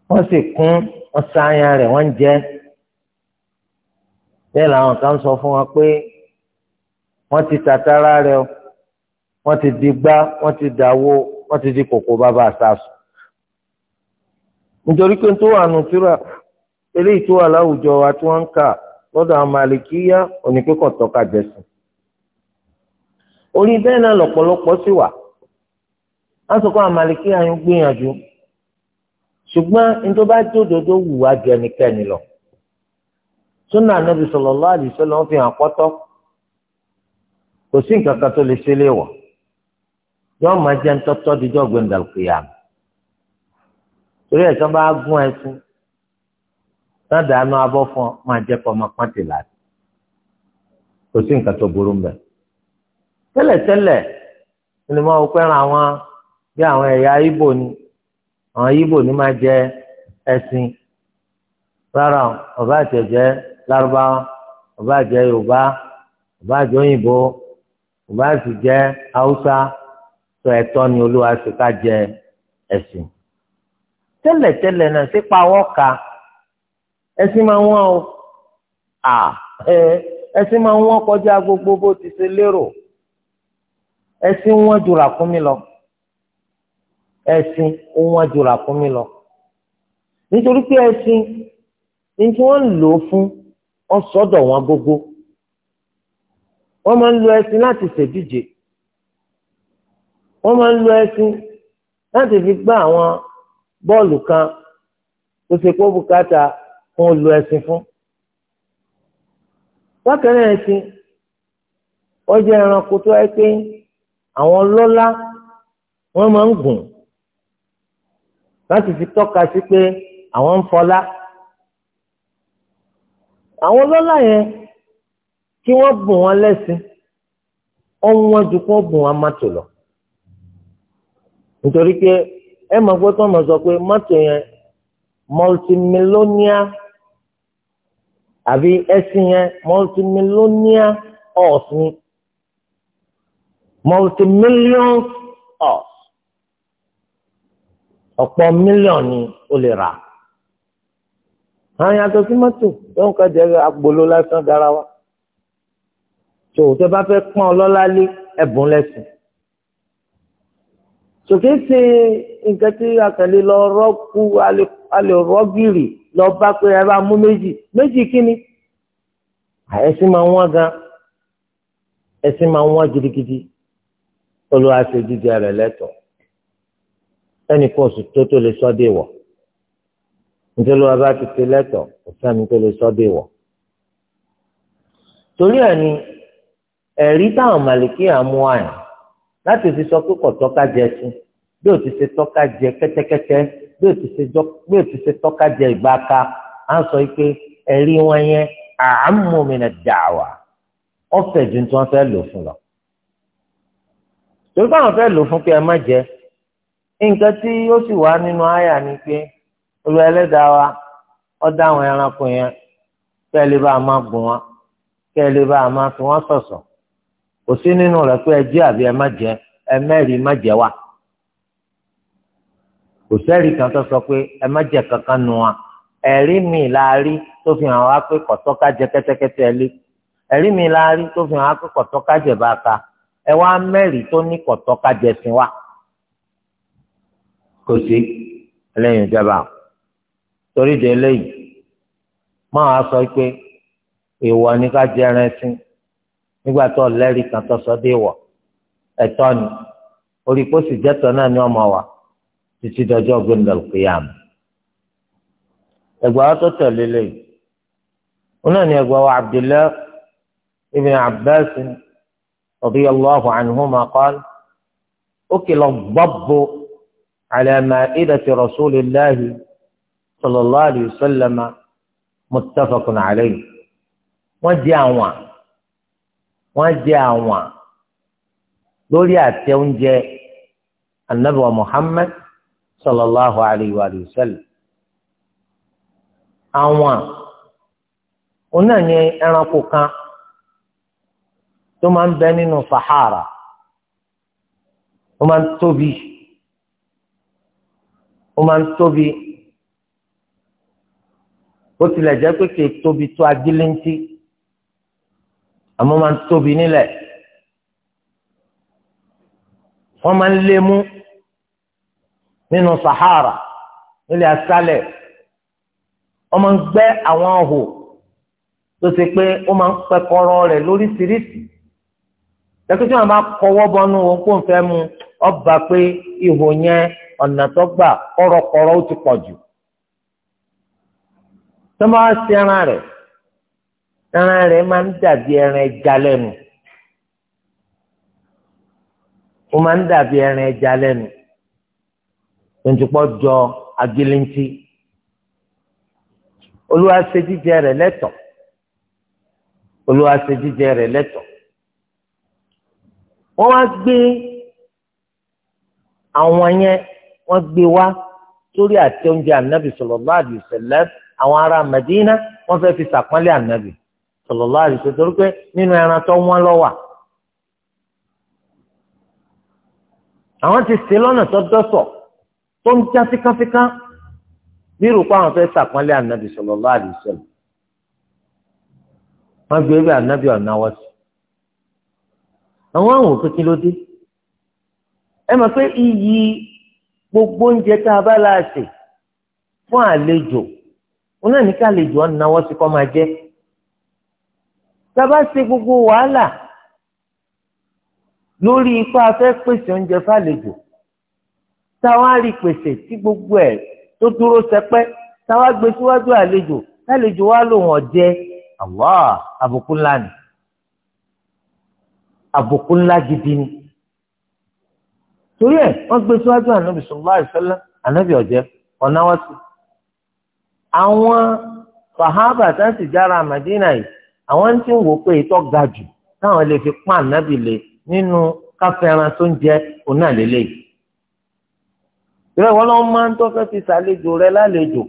wọ́n sì kún ọ̀sán ayá rẹ̀ wọ́n ń jẹ́ bẹ́ẹ̀ làwọn kan sọ fún wọn pé wọ́n ti tàtàrà rẹ o wọ́n ti di gbá wọ́n ti dàwó wọ́n ti di kòkó bàbá àsásùn. nítorí pé tó wà nù tíra eléyìí tó wà láwùjọ wa tí wọ́n ń kà lọ́dọ̀ àwọn màlìkíyà onípẹ́kọ̀ tọ́ka jẹ̀sìn. orí bẹ́ẹ̀ náà lọ́pọ̀lọpọ̀ sí wà á àwọn màlìkíyà ń gbìyànjú ṣùgbọ́n ní tó bá jódodo wù wá ju ẹnikẹ́ni lọ súnà anábì sallallahu alaihi wasallam fi hàn pọ́tọ́ kò sí nǹkan kan tó lè ṣe léwọ̀ yóò máa jẹ́ ńtọ́tọ́ dídọ́ gbẹ̀ndàlùkìyàm torí ẹ̀ sọ́n bá gún ẹṣin náà dànù abọ́ fún ọ máa jẹ́ kọ́ kò sí nǹkan tó burú mbẹ́ tẹ́lẹ̀tẹ́lẹ̀ ni mo fẹ́ràn àwọn bí àwọn ẹ̀yà Ìgbò ni àwọn Ìgbò ni máa jẹ ẹṣin rárá ọba àtẹ̀jẹ́ lárúbáwá ọba àjẹ yorùbá ọba àjẹ òyìnbó ọba àti jẹ haúsá tó ẹ̀tọ́ ni olúwa sì ká jẹ ẹ̀sìn tẹ́lẹ̀tẹ́lẹ̀ náà sípa wọn ka ẹ̀sìn máa wọ́n o à ẹ̀sìn máa wọ́n kọjá gbogbo bó ti ṣe lérò ẹ̀sìn wọ́n jura kún mi lọ ẹ̀sìn wọ́n jura kún mi lọ nítorí pé ẹ̀sìn ní tí wọ́n ń lò ó fún wọ́n sọ́dọ̀ wọn gógó wọ́n máa ń lo ẹṣin láti ṣèdíje wọ́n máa ń lo ẹṣin láti fi gbá àwọn bọ́ọ̀lù kan tó ṣe kó bùkátà fún olú ẹṣin fún bákan náà ẹṣin wọ́n jẹ́ ẹranko tó ẹ pé àwọn lọ́lá wọ́n máa ń gùn láti fi tọ́ka sí pé àwọn ń fọlá. àwọn ọlọ́lá yẹn kí wọ́n bùn wọn lẹ́sìn ọ̀wọ́n ju kí wọ́n bùn wọn mọ́tò lọ. nítorí pé ẹ máa gbọ́ tó máa sọ pé yẹn àbí ẹṣin yẹn multimillionaire horse ni multimillion ọ̀pọ̀ mílíọ̀nù àwọn yàtọ̀ sí mọ́tò tó ń kọjá agboló lásán dára wa tó o tẹ́ bá fẹ́ pọ́n ọlọ́lá lé ẹ̀bùn lẹ́sìn sòkè ṣe nǹkan tí akànlè lọ rọ́kú alẹ́ rọ́gìrì lọ bá pé ẹ bá mú méjì méjì kínni ẹ̀sìn máa ń wọ́n gan ẹ̀sìn máa ń wọ́n gidigidi olùwàṣẹ jíjẹ rẹ̀ lẹ́tọ̀ọ́ ẹnì kan oṣù tó tó lè sọ́ wọ̀ nítorí wọn bá ti pe lẹ́tọ̀ kò sẹ́ni tó lè sọ́ bẹ́ẹ̀ wọ̀. torí ẹ̀ ni ẹ̀rí táwọn màlìkí àmú àyàn láti fi sọ pé kò tọ́ka jẹ sí bí ó ti ṣe tọ́ka jẹ kẹ́tẹ́kẹ́tẹ́ bí ó ti ṣe tọ́ka jẹ ìbáka á sọ pé ẹ̀rí wọn yẹn àmú dàwà ọ̀fẹ́ ju tí wọ́n fẹ́ lò fún lọ. torí báwọn fẹ́ lò fún pé ẹ má jẹ nǹkan tí ó sì wà nínú àyà ni pé olú ẹlẹ́dàá wa ó dá àwọn ẹranko yẹn kẹ́ ẹ lè bá a máa gùn wọn kẹ́ ẹ lè bá a máa fi wọ́n ṣọ̀ṣọ́ kò sí nínú rẹ̀ pé ẹ jẹ àbí ẹ má jẹ ẹ mẹ́rin má jẹ wá kò sẹ́ẹ̀rì kan tó sọ pé ẹ má jẹ kankan nu wa ẹ̀rí mi la tó fi hàn wá pé kọ̀tọ́ká jẹ kẹ́tẹ́kẹ́tẹ́ ẹ lé ẹ̀rí mi la tó fi hàn wá pé kọ̀tọ́ká jẹ bá a ka ẹ wá mẹ́rin tó ní kọ̀tọ́ká jẹ sí wa kò sí ẹlẹ́yin ìjọba torí de eléyìí máa sọ pé ìwọ ni ká jẹ ẹran ẹsìn nígbà tó lẹ́rìí kan tó sọ dé ìwọ ẹ̀tọ́ ni orí kó sì jẹ́tọ̀ náà ni ọmọ wa títí dọjọ́ gbẹ̀ndọ̀lù kìyàm. ẹ̀gbọ́n wa tó tẹ̀lé lẹ́yìn wọn náà ni ẹ̀gbọ́n wa Abdullah ibn Abbas radiyallahu anhuma qala ukila ad-dabb ala ma'idati rasulillahi sallallahu alayhi wa sallam muttafaqun alayhi wọ́n jẹ́ àwọn wọ́n jẹ́ àwọn lórí àtẹ oúnjẹ anabi wa muhammad sallallahu alayhi wa sallam àwọn òun náà ní ẹranko kan tó máa ń bẹ nínú sahara ó máa ń tóbi ó máa ń tóbi bó tilẹ̀ jẹ́ pé kì í tóbi tó agíléńtì àmọ́ máa ń tóbi nílẹ̀ wọ́n máa ń lé mú nínú sahara nílẹ̀ asálẹ̀ wọ́n máa ń gbẹ́ àwọn ọ̀hò tó ṣe pé ó máa ń pẹkọrọ rẹ̀ lóríṣiríṣi lẹ́kọ̀ọ́ tí wọ́n kọwọ́ bọ́nú wọn kó n fẹ́ mu ọba pé ihò yẹn ọ̀nà tó gbà kọ̀rọ̀kọ̀rọ̀ ó ti pọ̀ jù tó bá wá sí ẹran rẹ̀ ẹran rẹ̀ máa ń dàbí ẹran ẹja lẹ́nu ó máa ń dàbí ẹran ẹja lẹ́nu tuntun jọ agilintí olúwa ṣe jíjẹ rẹ̀ lẹ́tọ̀ọ́ olúwa ṣe jíjẹ rẹ̀ lẹ́tọ̀ọ́ wọ́n wá gbé àwọn yẹn wọ́n gbé wá sórí àti oúnjẹ ànábì sallallahu alaihi wasallam àwọn ará Madina wọ́n fẹ́ fi sàpọ́nlé ànábì sallallahu alaihi torí pé nínú ẹran tó wọ́n àwọn ti ṣe lọ́nà tó dọ́sọ̀ tó ń já fíkánfíkán bí rúkọ àwọn fẹ́ sàpọ́nlé ànábì sallallahu gbé bí ànábì ọ̀nà wọ́n gbogbo oúnjẹ tá a bá fún òun náà ní ká lè jọ náwó sí kọ́ máa jẹ́ tábà ṣe gbogbo wàhálà lórí ipá afẹ́ pèsè oúnjẹ fàlejò táwa rí pèsè tí gbogbo ẹ̀ tó dúró sẹpẹ́ táwa gbé síwájú àlejò tálejò wa lòun ọ̀jẹ́ Allah àbùkù ńlá ni àbùkù ńlá gidi ni torí ẹ̀ wọ́n gbé síwájú ànábì sallallahu alaihi wasallam ànábì ọ̀jẹ́ ọ̀náwó àwọn sàhábà tá a sì jára Màdínà yìí àwọn tí ń wò pé ìtọ́ ga jù táwọn lè fi pán ànábì lè nínú káfẹ́ràn tó ń jẹ òun náà ìrẹ́ wọn máa ń sàlejò rẹ lálejò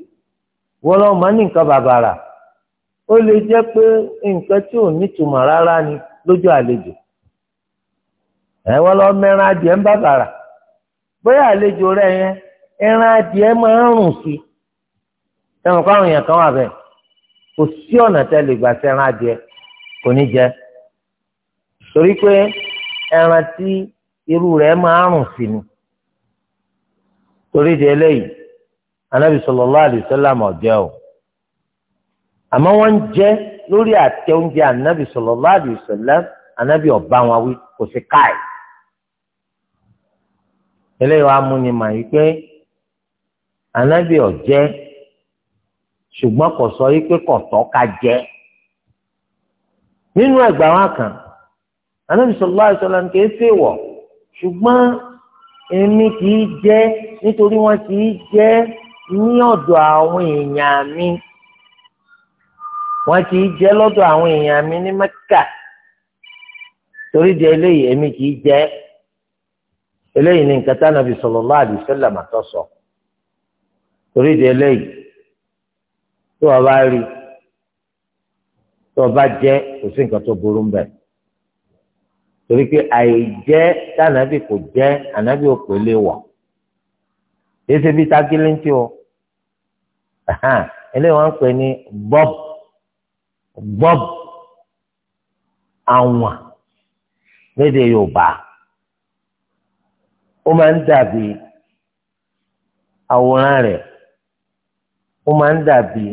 máa ń ní nǹkan ó lè jẹ́ pé nǹkan tí ò nítumọ̀ rárá ni lójú àlejò ẹ̀ lọ mẹ́ran adìẹ ń bàbàrà bóyá àlejò rẹ yẹn ẹran adìẹ sẹ́wọ̀n kọ́ àwọn èèyàn kan wà kò sí ọ̀nà tẹ́ lè gbà ẹran adìẹ kò ní jẹ torí pé ẹran tí irú rẹ máa rùn sí ni torí di eléyìí anábì sallallahu alaihi o àmọ́ wọ́n ń lórí àtẹ oúnjẹ anábì anábì ọ̀bá wọn wí kò sí káì eléyìí ni mà yí pé anábì ọ̀jẹ́. ṣùgbọ́n kò sọ yí pé kò tọ́ ká jẹ nínú ẹgbà wa kan anabi sọlá ìṣọlá nìkan ẹsẹ wọ ṣùgbọ́n èmi kì í jẹ nítorí wọn kì jẹ ní ọ̀dọ̀ àwọn èèyàn mi wọn kì í jẹ lọ́dọ̀ àwọn èèyàn mi ní mẹ́kà torí di eléyìí èmi kì í jẹ eléyìí ní nǹkan tá anabi àdìsẹlẹ màtọ torí di eléyìí tó o bá rí tó o bá jẹ kò sí nǹkan tó burú mbẹ torí pé àìjẹ tànàbì kò jẹ ànàbì ò pè lè wọ èsì bíi tágílé ń tí o eléyìí wọn ń pè ní bob bob àwọn lédè Yorùbá ó máa ń dàbí àwòrán rẹ̀ ó máa ń dàbí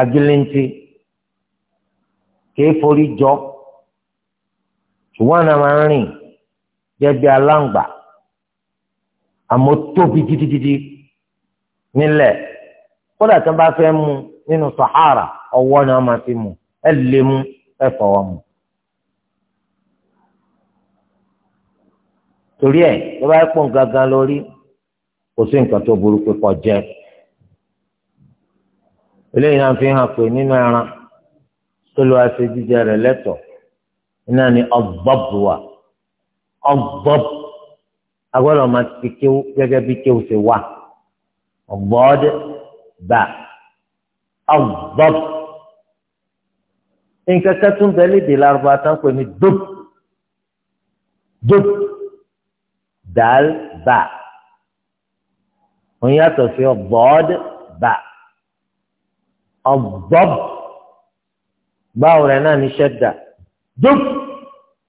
agilẹ́ntì kìí forí jọ ṣùgbọ́n àná máa ń rìn jẹ́ bí aláǹgbà àmọ́ tóbi gidigidi nílẹ̀ kódà tí wọ́n bá fẹ́ mu nínú sahara ọwọ́ ni wọ́n máa fi mu ẹ lè mu ẹ fọwọ́ mu. torí ẹ tó bá pọ̀ gangan lórí kò sí nǹkan tó burú pé kò jẹ́ eléyìí náà fi hàn pé nínú ẹran tó lọ àti jíjẹ rẹ̀ lẹ́tọ̀ náà ni ọgbọbù wa ọgbọbù agbọ́dọ̀ máa ti kéwú gẹ́gẹ́ bí kéwú ṣe wà ọgbọọdẹ bá ọgbọbù nǹkan kẹtùn bẹ́ẹ̀ lédè lárúbá tán pé ní dóp dàl bá òun yàtọ̀ sí ọgbọọdẹ bá ọ̀bọ̀b báwo rẹ̀ náà ní ṣẹ́dà dùb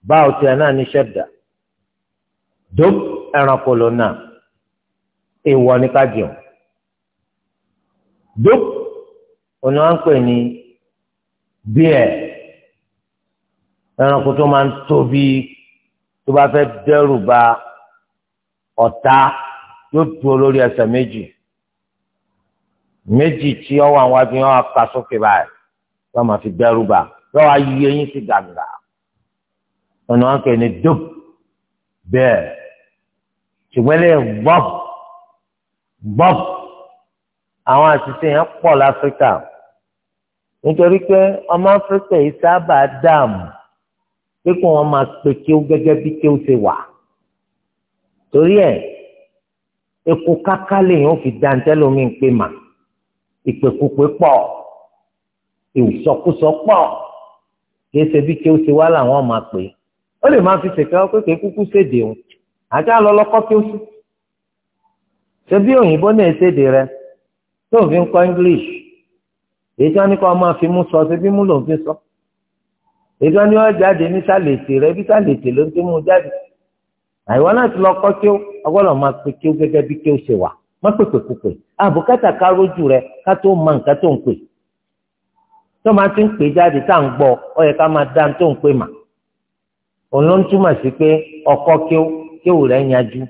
báwo tiẹ̀ náà ní ṣẹ́dà dùb ẹranko ló náà èèwọ̀ ní ká jẹun dùb òní wọn ń pè ní bíẹ̀ ẹranko tó máa ń tóbi tó bá fẹ́ dẹ́rù ba ọ̀tá yóò dúró lórí ẹsẹ̀ méjì méjì tí ọwọ́ àwọn abí wọn ká sókè báyìí yóò máa fi dẹ́rù bà yóò wá yí eyín sí gàgà ọ̀nà wọn kò ní dùb bẹ́ẹ̀ ṣùgbọ́n lè gbọ́b gbọ́b àwọn àṣìṣe yẹn pọ̀ láfíríkà nítorí pé ọmọ áfíríkà yìí sábà dààmú pé kí wọ́n máa pe kéwú gẹ́gẹ́ bí kéwú ṣe wà torí ẹ̀ èkó káká lèyìn ó fi dantẹ́ lómi ń pè ìpèkúpè pọ̀ ìsọkúsọ pọ̀ kìí ṣe bí kí ó ṣe wá làwọn máa pè é ó lè máa fi ṣèkẹ́ ọ pé kìí kúkú ṣèdè òun àti àlọ́lọ́kọ́ kí ó sùn ṣe bí òyìnbó náà ṣèdè rẹ tó fi ń kọ́ English èyí tí wọ́n ní kó máa fi mú sọ ṣe bí mú lòún fi sọ èyí tí wọ́n ní wọ́n jáde ní sàlẹ̀tì rẹ bí sàlẹ̀tì ló ń ti mú jáde àìwọ́n náà ti lọ kọ́ kí ó ọgbọ́dọ̀ máa pe kí ó gẹ́gẹ́ bí kí ó ṣe wà. má pèpè pèpè àbùkátà ká rójú rẹ ká tó mọ nǹkan tó ń pè tó máa ti ń pè jáde tá à ń gbọ ọ yẹ ká máa dá tó ń pè mà òun ló ń túmọ̀ sí pé ọkọ kíó ka rẹ̀ yanjú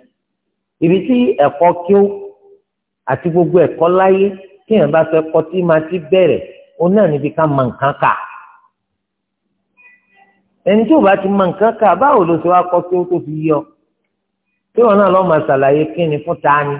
ibi tí ẹ̀kọ́ kíó àti gbogbo ẹ̀kọ́ láyé bá fẹ́ kọ́ tí máa ti bẹ̀rẹ̀ òun náà níbi ká mọ nǹkan kà ẹni tí ò bá ti mọ nǹkan kà báwo ló wá kọ́ tó fi yọ wọn náà lọ́ọ́ máa ṣàlàyé fún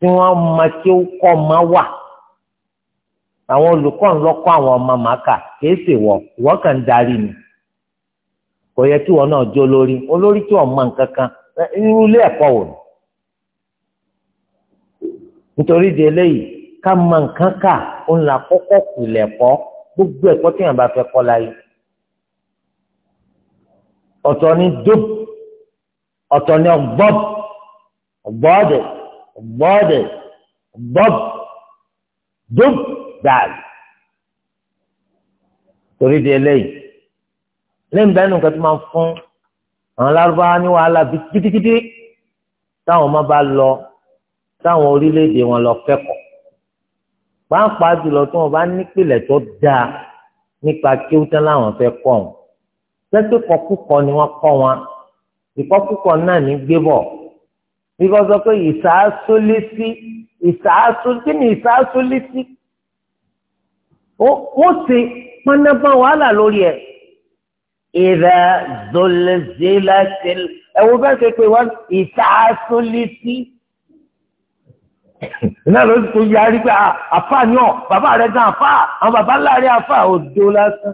tí wọ́n mọ kí ó kọ́ ma wà àwọn olùkọ́ ńlọ́kọ́ àwọn ọmọ màkà kìí ṣe wọ ìwọ kàn darí ni kò yẹ kí wọn náà jó lórí olórí tí wọn mọ nǹkan kan irú ilé ẹ̀kọ́ wò ni nítorí di eléyìí ká mọ nǹkan kà ó ń la kọ́kọ́ kùlẹ̀ kọ́ gbogbo ẹ̀kọ́ tí yàn bá fẹ́ kọ́ láyé ọ̀tọ̀ ni dóp ọ̀tọ̀ ni ọ̀gbọ́b ọ̀gbọ́dẹ̀. ضاد ضب دب دال torí di eléyìí lẹ́yìn bẹ́ẹ̀ nìkan tó máa fún àwọn lárúbáwá ní wàhálà gidigidi táwọn ọmọ bá lọ táwọn orílẹ̀-èdè wọn lọ kẹ́kọ̀ọ́ pàápàá jùlọ tí wọn bá nípìnlẹ̀ tó dáa nípa kí ó tán láwọn fẹ́ kọ́ wọn pẹ́pẹ́ kọkúkọ ni wọ́n kọ́ wọn ìkọkúkọ náà ní gbébọ̀ bí wọ́n sọ pé ìsàásólésí ìsàásó kí ni ìsàásólésí ó ṣe pọnápọn wàhálà lórí ẹ̀ ìrà zolzelatil ẹ̀wọ̀n bẹ́ẹ̀ ṣe pé wọ́n ìsàásólésí iná ló ti tó yarí pé ah, àfáà ni ọ bàbá rẹ gan àfáà àwọn bàbá láàrin àfáà ò dó lásán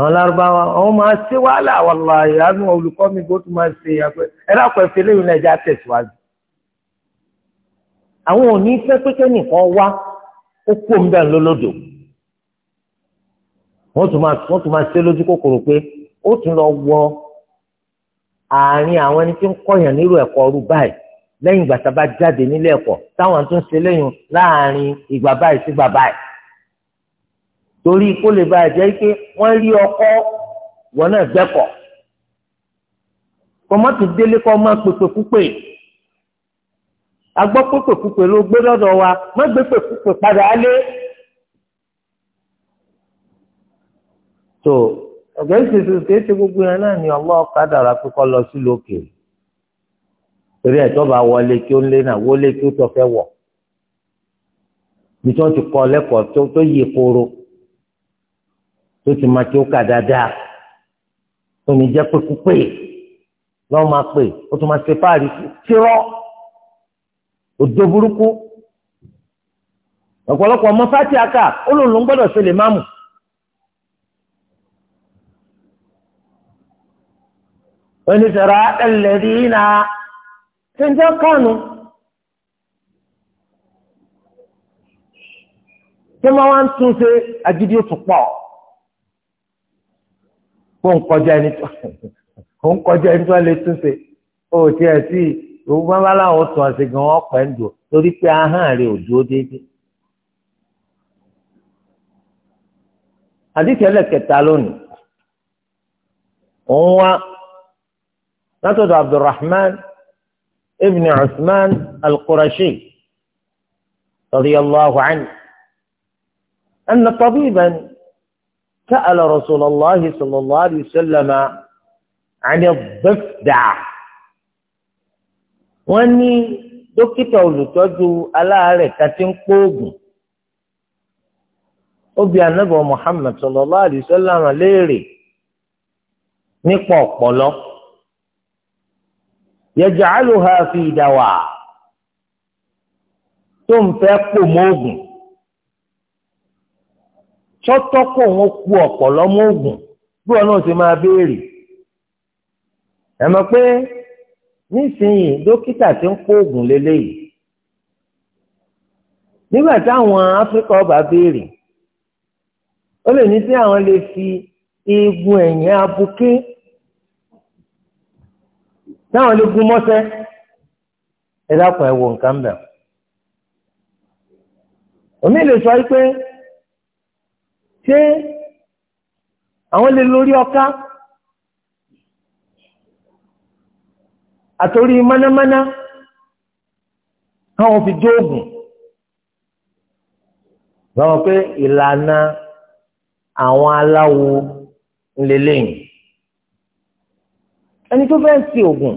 àwọn lárúbáwá àwọn máa ṣe wàhálà wàhálà ìyanu olùkọ́ mi kó tó máa ṣe àpẹ ẹ̀rọ àpẹ ìfẹ́lẹ́ yìí nàìjíríà tẹ̀síwájú. àwọn òní fẹ́ pẹ́kẹ́ nìkan wá ó kú omi bẹ́ẹ̀ lólódò wọ́n tún máa ṣe lójú kòkòrò pé ó tún lọ wọ àárín àwọn ẹni tí ń kọ̀yàn nírú ẹ̀kọ́ ọrú báyìí lẹ́yìn ìgbà tá a bá jáde nílé ẹ̀kọ́ táwọn tó ṣe lẹ́yìn láàárín ìgbà báyìí sí ìgbà báyìí torí kó lè bá jẹ́ pé wọ́n rí ọkọ wọn náà dẹ́kọ̀ kọ́mọ́tò délé kọ́ máa pèpè púpè agbọ́ pèpè púpè ló gbé lọ́dọ̀ wa má gbé pèpè púpè padà alé. tó ọ̀gá ìṣèṣe kéṣe gbogbo yẹn náà ni ọlọ́ kádàrá kíkọ́ lọ sí lókè torí ẹ̀tọ́ bá wọlé kí ó lé náà wọlé kí ó tọ́ fẹ́ wọ̀ bí tí wọ́n ti kọ́ lẹ́kọ̀ọ́ tó yẹ kóró tó ti máa kí ó kà dáadáa tó ní jẹ́ pépé lọ́wọ́ máa pè ó tún máa ṣe fáàrí tírọ́ òdo burúkú ọ̀pọ̀lọpọ̀ ọmọ fati aka ó lòun ló ń gbọ́dọ̀ ṣe lè má mú. oníṣẹ́ra ẹlẹ́dí náà ṣe ń jẹ́ kánú. ṣé máa wá ń túnṣe agídí ó pọ̀ kó ń kọjá ẹni tó ó ń kọjá ẹni tó lè túnṣe ó tiẹ̀ sí òun bá bá láwọn tún ọ̀sẹ̀ gan ọ̀pẹ̀ ń torí pé ahọ́n rẹ̀ ò dúró déédéé. àdìsí ẹlẹ́kẹta lónìí òun wá látọ̀dọ̀ abdulrahman ibn usman al-qurashi radiyallahu anhu anna tabiban. سأل رسول الله صلى الله عليه وسلم عن الضفدع wọ́n ní dókítà olùtọ́jú aláàárẹ̀ kan tí ń kóògùn ó bi Ànábì Muhammad sallallahu alaihi wasallam léèrè nípa ọ̀pọ̀lọ yaj'aluha fi dawa tó ń fẹ́ pò mọ́ ògùn sọ́tọ́kọ̀ wọn ku ọ̀pọ̀lọ́ mọ́ oògùn bí wọn náà ṣe máa béèrè ẹ mọ̀ pé nísìnyí dókítà ti ń kó oògùn lélẹ́yìí nígbà táwọn áfíríkà ọba béèrè ó lè ní sí àwọn lè fi eegun ẹ̀yìn abuké táwọn lè gun mọ́sẹ́ ẹ dákun ẹ wo nǹkan bẹ̀. omi lè sọ pé ṣé àwọn lè lórí ọká àtòrí mánámáná káwọn fi jóògùn báwọn pé ìlànà àwọn aláwo ńlẹlẹyìn ẹni tó fẹ́ ṣe oògùn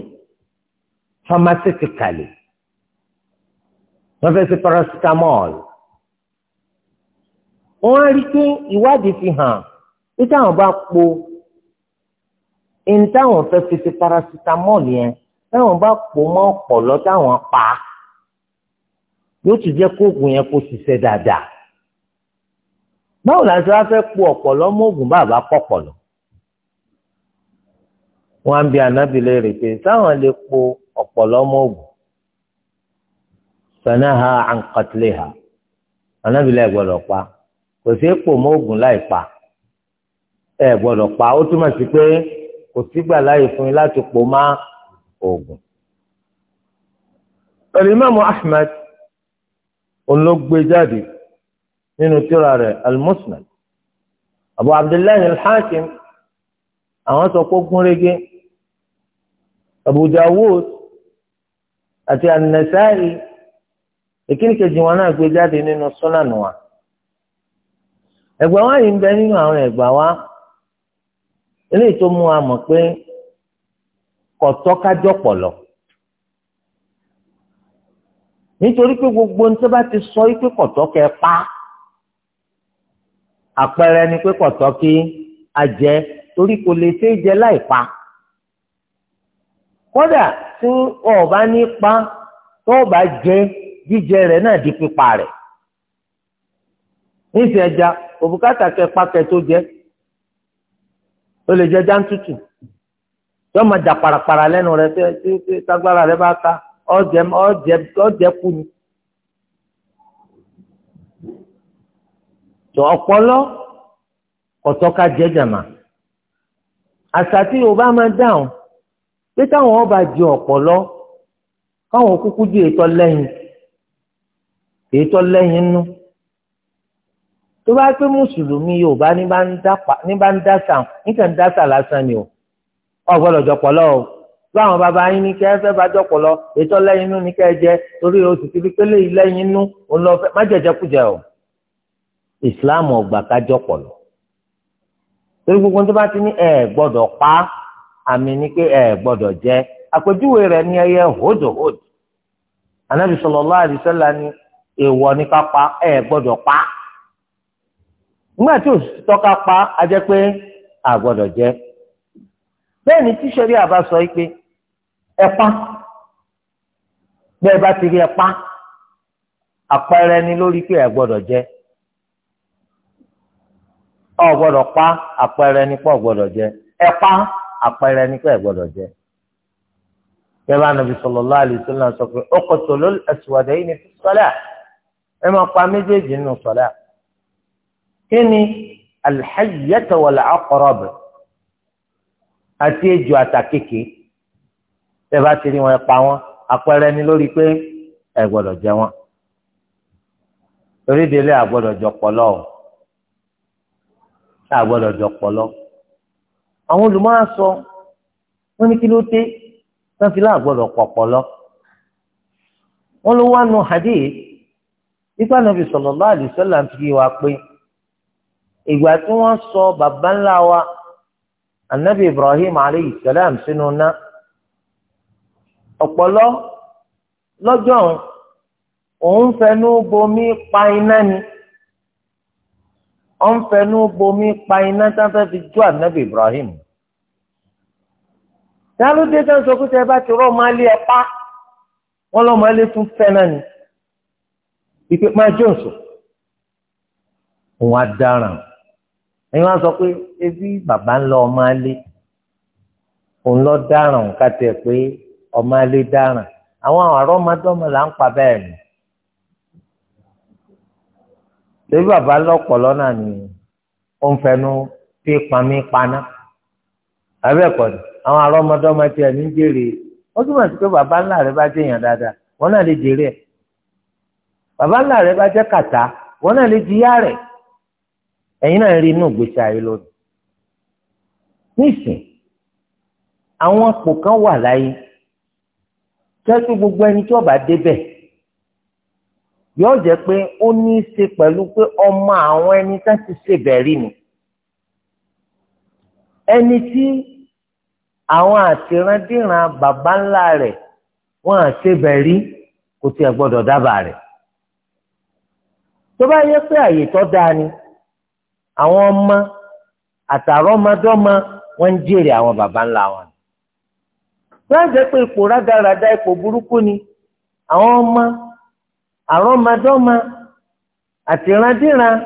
pharmaceutically wọ́n fẹ́ ṣe paracetamol wọ́n á rí i pé ìwádìí fi hàn pé táwọn bá po ẹni táwọn fẹ́ fi ṣe parasitamọ́ọ̀lù yẹn táwọn bá po mọ́ ọ̀pọ̀lọ́ táwọn pa á yóò tún jẹ́ kóògùn yẹn kó ṣiṣẹ́ dáadáa. báwo la ṣe wá fẹ́ po ọ̀pọ̀lọ́ mọ́ògùn bàbá pọ̀pọ̀lọ́. wọ́n á ń bi ànábì léèrè pé sáwọn lè po ọ̀pọ̀lọ́ mọ́ògùn. sanaha an qatliha ànábì lè gbọ́dọ̀ pa kò sí pò mọ́ oògùn láì pa ẹ gbọ́dọ̀ pa ó túmọ̀ sí pé kò sígbà láyè fún yín láti pò má oògùn. Al-Imam Ahmad olóògbé jáde nínú tírà rẹ̀ Al-Musnad Abu Abdullahi Al-Hakim àwọn sọ pé gúnrégé Abu Dawud àti an ìkíni kejì wọn náà gbé jáde nínú Sunan wa. ẹ̀gbà wa yìí ń bẹ nínú àwọn ẹ̀gbà wa eléyìí tó mú wa mọ̀ pé kọ̀tọ́ kájọ́ pọ̀lọ̀ nítorí pé gbogbo ní tó bá ti sọ yìí pé kọ̀tọ́ kẹ pa àpẹẹrẹ ni pé kọ̀tọ́ kí a jẹ torí kò lè ṣe é jẹ láì pa kódà tí ọba ní pa tó bá jẹ jíjẹ rẹ̀ náà di pípa rẹ̀. níìsín ẹja òbúkátà kẹpa kẹtó jẹ ó lè jẹ já ń tútù yóò máa jà parapara lẹ́nu rẹ tí tí tí tágbára rẹ bá ka ọjẹ ọjẹ ọjẹ kú ni. tó ọpọlọ ọtọka jẹjàmà àṣà tí yorùbá máa dáhùn pé táwọn ọba jẹ ọpọlọ káwọn kúkú di ètò lẹ́yìn ètò lẹ́yìn nù. No tó bá pé mùsùlùmí yorùbá ní bá ń dásà níta ń dásà lásán ni o ọgbọ́dọ̀ jọpọlọ o láwọn bàbá yín ní kẹ́ fẹ́ bá jọpọlọ ètò lẹ́yìn inú ní kẹ́ jẹ torí o sì ti fi pélé lẹ́yìn inú òun lọ fẹ́ má jẹjẹ kújẹ o ìsìláàmù ọgbà ká jọpọlọ torí gbogbo tó bá ti ní ẹ gbọ́dọ̀ pa àmì ní pé ẹ gbọ́dọ̀ jẹ àpèjúwe rẹ̀ ní ẹyẹ hòdòhòdò anabi sallallahu alaihi ni èèwọ̀ ní ká pa ẹ gbọ́dọ̀ pa. nígbà tí òsì tọ́ka pa á jẹ́ pé àgbọ̀dọ̀ jẹ́ bẹ́ẹ̀ ni tíṣẹ̀rí àbá sọ pé ẹ̀pá bẹ́ẹ̀ bá ti rí ẹ̀pá àpẹẹrẹ ni lórí pé jẹ́ pa àpẹẹrẹ ni pé ọ̀gbọ́dọ̀ jẹ́ ẹ̀pá àpẹẹrẹ ni pé ẹ̀gbọ́dọ̀ jẹ́ yẹ́bà nàbì sallallahu alaihi wasallam sọ pé uqtulul aswadayni fi sọ́lá ẹ máa pa méjèèjì nínú kí ni alḥayyata wal aqrab àti ejò àtàkékè tẹ́ bá ti rí wọn pa wọn àpẹẹrẹ ni lórí pé ẹ gbọ́dọ̀ jẹ wọn torí délé àgbọ́dọ̀ jọpọlọ àgbọ́dọ̀ jọpọlọ àwọn olùmọ̀ àṣọ wọn ní kí ló dé wọn fi láàgbọ́dọ̀ pọpọlọ wọn ló wá nu hadith nípa nàbì sallallahu ń fi wá pé ìgbà tí wọ́n sọ bàbá ńlá wa anabi ibrahim aleyhi salam sínú ná ọ̀pọ̀lọ́ lọ́jọ́ òun fẹnu bomi pa iná ni òun fẹnu bomi pa iná tá a fẹ́ fi jó anabi ibrahim dálódé tá a bá ti rọ́ máa lé pa wọ́n lọ́ máa lé tún fẹ́ náà ni ìpè máa jó nsọ òun á dáràn ẹ̀yin wá sọ pé ebi bàbá ń lọ ọmọ alẹ́ òun lọ dáràn ká tẹ̀ pé ọmọ alẹ́ dáràn àwọn àrọ́mọdọ́mọ là ń pa bẹ́ẹ̀ ni ebi bàbá lọ́pọ̀lọ́ náà ni ó ń fẹnu pé pamí paná abẹ́ẹ̀kọ́ ni àwọn àrọ́mọdọ́mọ tiẹ̀ ní jèrè ó túmọ̀ sí pé bàbá ńlá rẹ bá jẹ̀yàn dáadáa wọn náà lè jèrè ẹ̀ bàbá ńlá rẹ bá jẹ́ kàtá wọn náà lè jìyà rẹ̀ ẹ̀yin náà rí inú ìgbésí ayé lónìí nísìn àwọn àpò kan wà láyé tẹ́tù gbogbo ẹni tí ọba débẹ̀ yóò jẹ́ pé ó ní í ṣe pẹ̀lú pé ọmọ àwọn ẹni tá ti ṣe bẹ̀rí ni ẹni tí àwọn àtìrandíran bàbá ńlá rẹ̀ wọ́n á ṣe bẹ̀rí kò tiẹ̀ gbọ́dọ̀ dábàá rẹ̀ tó bá yẹ pé àyè tó dáa ni. àwọn ọmọ àtàrọmọdọ́mọ wọ́n ń jèrè àwọn baba ńlá wọn. wọ́n jẹ́ pé ipò rádaràda ipò burúkú ni àwọn ọmọ àrọmọdọ́mọ àtìrandíran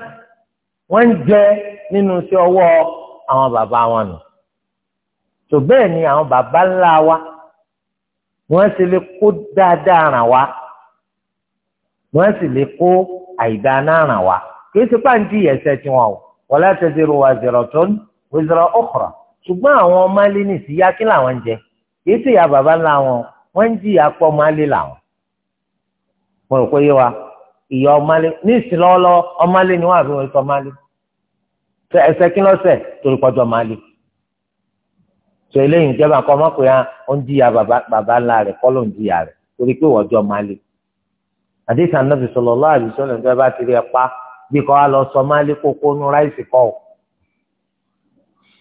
wọ́n ń jẹ nínú iṣẹ́ ọwọ́ àwọn baba wọn nù. tó bẹ́ẹ̀ ni àwọn baba ńlá wa wọ́n sì lè kó dáadáa ràn wá wọ́n sì lè kó àìdáa náà ràn wá kì í ṣe pàǹtí ẹ̀sẹ̀ tiwọn o. wala taziru waziratun wizra ukhra ṣùgbọ́n àwọn ọmọ alẹ́ ní ìsìyá kí làwọn ń jẹ èyí tí ìyá bàbá ńlá wọn wọ́n ń jìyà pọ̀ ọmọ alẹ́ làwọn. mo rò pé yé wa ìyá ọmọ alẹ́ ní ìsìn lọ́wọ́lọ́wọ́ ọmọ alẹ́ ni wọ́n àbí wọn sọ ọmọ alẹ́ ẹsẹ̀ kí lọ́sẹ̀ torí pọ́jọ́ ọmọ alẹ́ sọ eléyìí jẹ́ bá kọ́ ọmọkùnrin hàn jìyà bàbá ńlá rẹ̀ kọ́ ló ń jìyà rẹ̀ torí pé wọ́jọ́ ọmọ alẹ́ àdéhùn anábì sallallahu bí kò wá lọ sọ máàlí kókó nu ráìsì kọ́ ọ.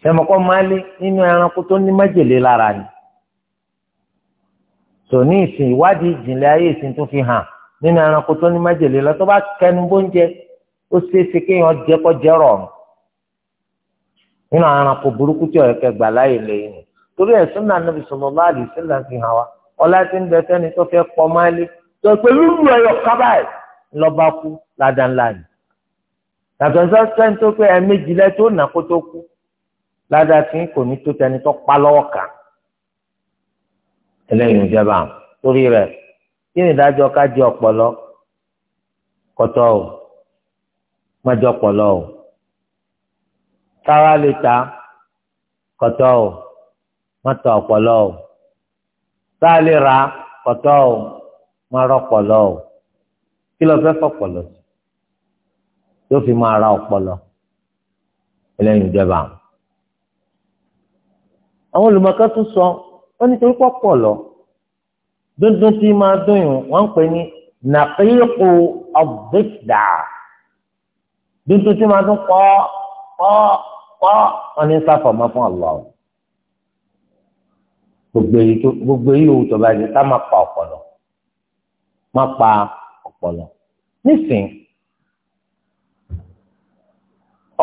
ẹ̀mọ̀kọ́ máàlí nínú ẹranko tó ní májèlé lára ni. tò ní ìsìn ìwádìí ìjìnlẹ̀ ayé ìsìn tó fi hàn nínú ẹranko tó ní májèlé lọ tó bá kẹnu bóúnjẹ ó ṣeéṣe kéèyàn jẹ́kọ́jẹ́ rọrùn. nínú ẹranko burúkú tí ọ̀yẹ́kẹ́ gbà láyè lẹ́yìn torí ẹ̀sùn náà níbi sọ̀rọ̀ bá àdìsí là fi hàn wá ọlá tí ń bẹ fẹ́ni tó fẹ́ pọ̀ máàlí tó pẹ̀lú ìlú ẹ̀yọ̀ kábàáyì yàtọ̀ sọ́sẹ́ni tó pé ẹ̀ẹ́mẹ́jì lẹ́ tó nà kó tó kú ládàá tí kò ní tó tẹni tó pa lọ́wọ́ kà ẹlẹ́yìn ìjọba torí rẹ̀ kí ni ìdájọ́ ká jẹ ọ̀pọ̀lọ́ kọ́tọ́ o má jẹ o táwa lè ta kọ́tọ́ o má ọ̀pọ̀lọ́ o táà lè ra kọ́tọ́ o má rọ́pọ̀lọ́ o kí lọ fẹ́ fọ̀pọ̀lọ́ sí yóò fi máa ra ọpọlọ ẹlẹ́yìn ìjọba. àwọn olùmọ̀ọ́ká tún sọ wọ́n nítorí pọ̀pọ̀lọ dúndún tí máa dún yìí wọ́n ń pè ní nàkíkù ọ̀bẹ́kìdà dúndún tí máa dún pọ̀ pọ̀ pọ̀ wọ́n ní sáfọ̀mọ́ fún ọ̀lọ́ gbogbo èyí òwú bá yẹ ká má pa ọpọlọ má pa ọpọlọ nísìnyí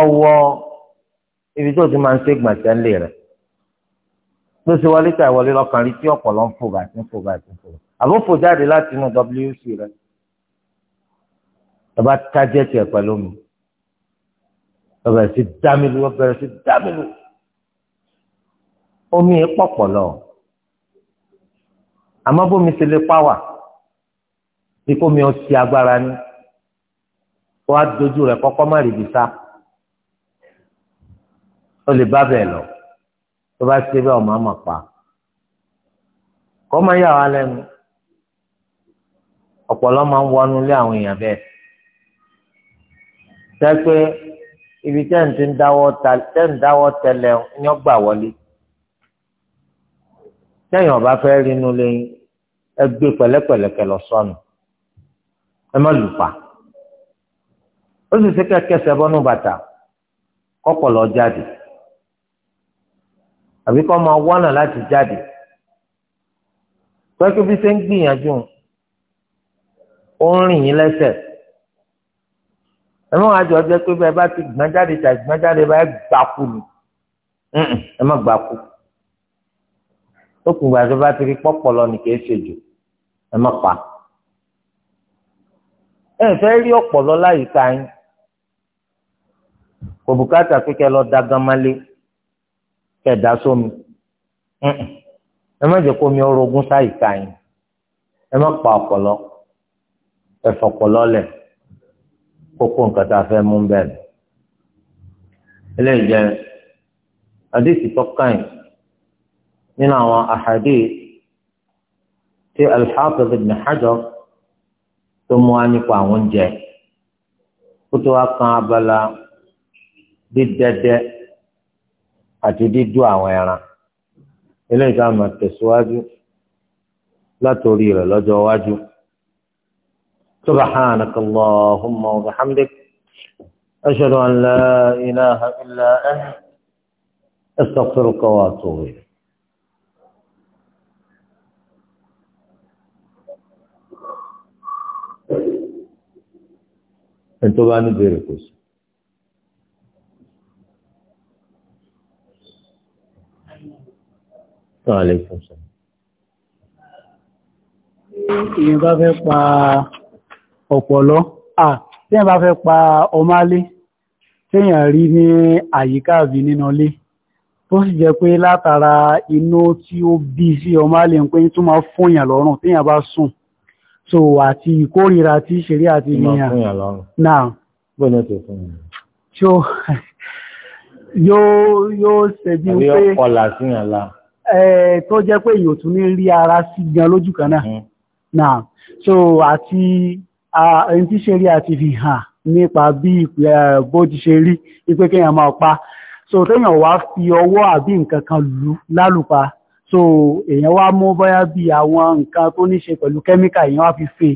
ọwọ́ ibi tó ti máa ń ṣègbọ̀n tẹ́lẹ̀ rẹ̀ ló ṣe wọlé tà ìwọlé lọ́kàn rí tí ọ̀pọ̀lọ́ ń fò bàtí ń fò bàtí ń fò àbó fò jáde láti inú wc rẹ̀ ẹ bá tájẹ́ tiẹ̀ pẹ̀lú mi ẹ bẹ̀rẹ̀ sí dámìlú ẹ bẹ̀rẹ̀ sí dámìlú omi pọ̀pọ̀ lọ àmọ́ bómi ṣe lè pàwà bí kò mi ò ti agbára ní wọ́n á dojú rẹ̀ kọ́kọ́ má rí bi sá ó lè bá bẹ́ẹ̀ lọ tó bá ṣe bẹ́ẹ̀ ọmọ àmọ̀ pa kọ́ máa yà wá lẹ́nu ọ̀pọ̀lọ́ máa ń wọnú lé àwọn èèyàn bẹ́ẹ̀ sẹ́pẹ́ ibi tẹ́ ń ti dáwọ́ tẹ́lẹ̀ ní ọgbà wọlé tẹ́yìn ọba fẹ́ rínú lẹ́yìn ẹ gbé pẹ̀lẹ́pẹ̀lẹ́ kẹlọ sọnù ẹ má lù pa ó sì ṣe kẹ́kẹ́ sẹ́bọ́nú bàtà kọ́pọ̀ lọ jáde àbí kọ́ máa wọ́nà láti jáde pẹ́kú bí ṣe ń gbìyànjú ó ń rìn yín lẹ́sẹ̀ ẹ má wàá jọ jẹ́ pé bẹ́ẹ̀ bá ti gbọ́n jáde tàbí gbọ́n jáde bá gbàkú lù ẹ má gbàkú ó kùn gbà tó bá ti rí pọ́pọ̀lọ ní kìí ṣe jù ẹ má pa ẹ fẹ́ rí ọ̀pọ̀lọ láyìíká yín kò bùkátà pé kẹ́ lọ dagan máa kẹ̀dá sómi ẹ má jẹ́ kó mi orogún sáyìíká yín ẹ má pa ọ̀pọ̀lọ́ ẹ fọ̀pọ̀lọ́ lẹ̀ kókó nǹkan tá a fẹ́ mú bẹ́ẹ̀ eléyìí jẹ́ àdéhìí tọ́ka yìí nínú àwọn àhàdéhìí tí al-Hafiz ibn tó mú wa nípa àwọn oúnjẹ kó tó wá kan abala dídẹ́dẹ́. àti dídú àwọn ẹran eléyìí tá máa tẹ̀síwájú látòrí rẹ̀ lọ́jọ́ iwájú. سبحانك اللهم وبحمدك أشهد أن لا إله إلا أنت أستغفرك وأتوب إليك انتوا بقى نديركوش Sọ́ọ́ lè fún sọ. Èèyàn bá fẹ́ pa ọ̀pọ̀lọ́. À, tí èèyàn bá fẹ́ pa ọmálé, téèyàn rí ní àyíká àbí nínú ilé. Tó sì jẹ́ pé látara iná tí ó bí sí ọmálé ń pé tó máa fún èèyàn lọ́rùn téèyàn bá sùn. So àti ìkórìíra tí ṣeré àti ìyàn. Náà. Bọ́ọ̀lù Yóò ṣe wípé. Àbí ọkọ̀ làásìyàn la tó jẹ́ pé èyí ò tún ní rí ara sí gan lójú kan náà hmm. náà so àti ẹni tí ṣe rí àti fi hàn nípa bí bó ti ṣe rí ipé kéèyàn máa pa so téèyàn wá fi ọwọ́ àbí nǹkan kan lù lálùpa so èèyàn wá mú bóyá bí àwọn nǹkan tó ní ṣe pẹ̀lú kẹ́míkà èèyàn wá fi fè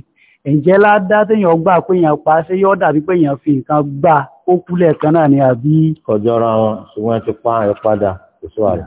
ǹjẹ́ ládá téèyàn gbà pé èèyàn pa ṣé yóò dàbí pé èèyàn fi nǹkan gbà ó kúlẹ̀ kan náà ni àbí. kọjọra wọn ṣùgbọ́n ẹ ti pa ẹ padà kó sọ àrà.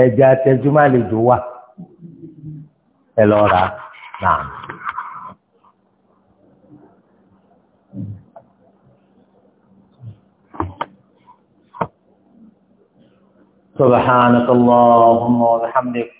ẹja tẹjúmọ́ àlejò wà ẹ lọ rà náà. سبحانك اللهم وبحمدك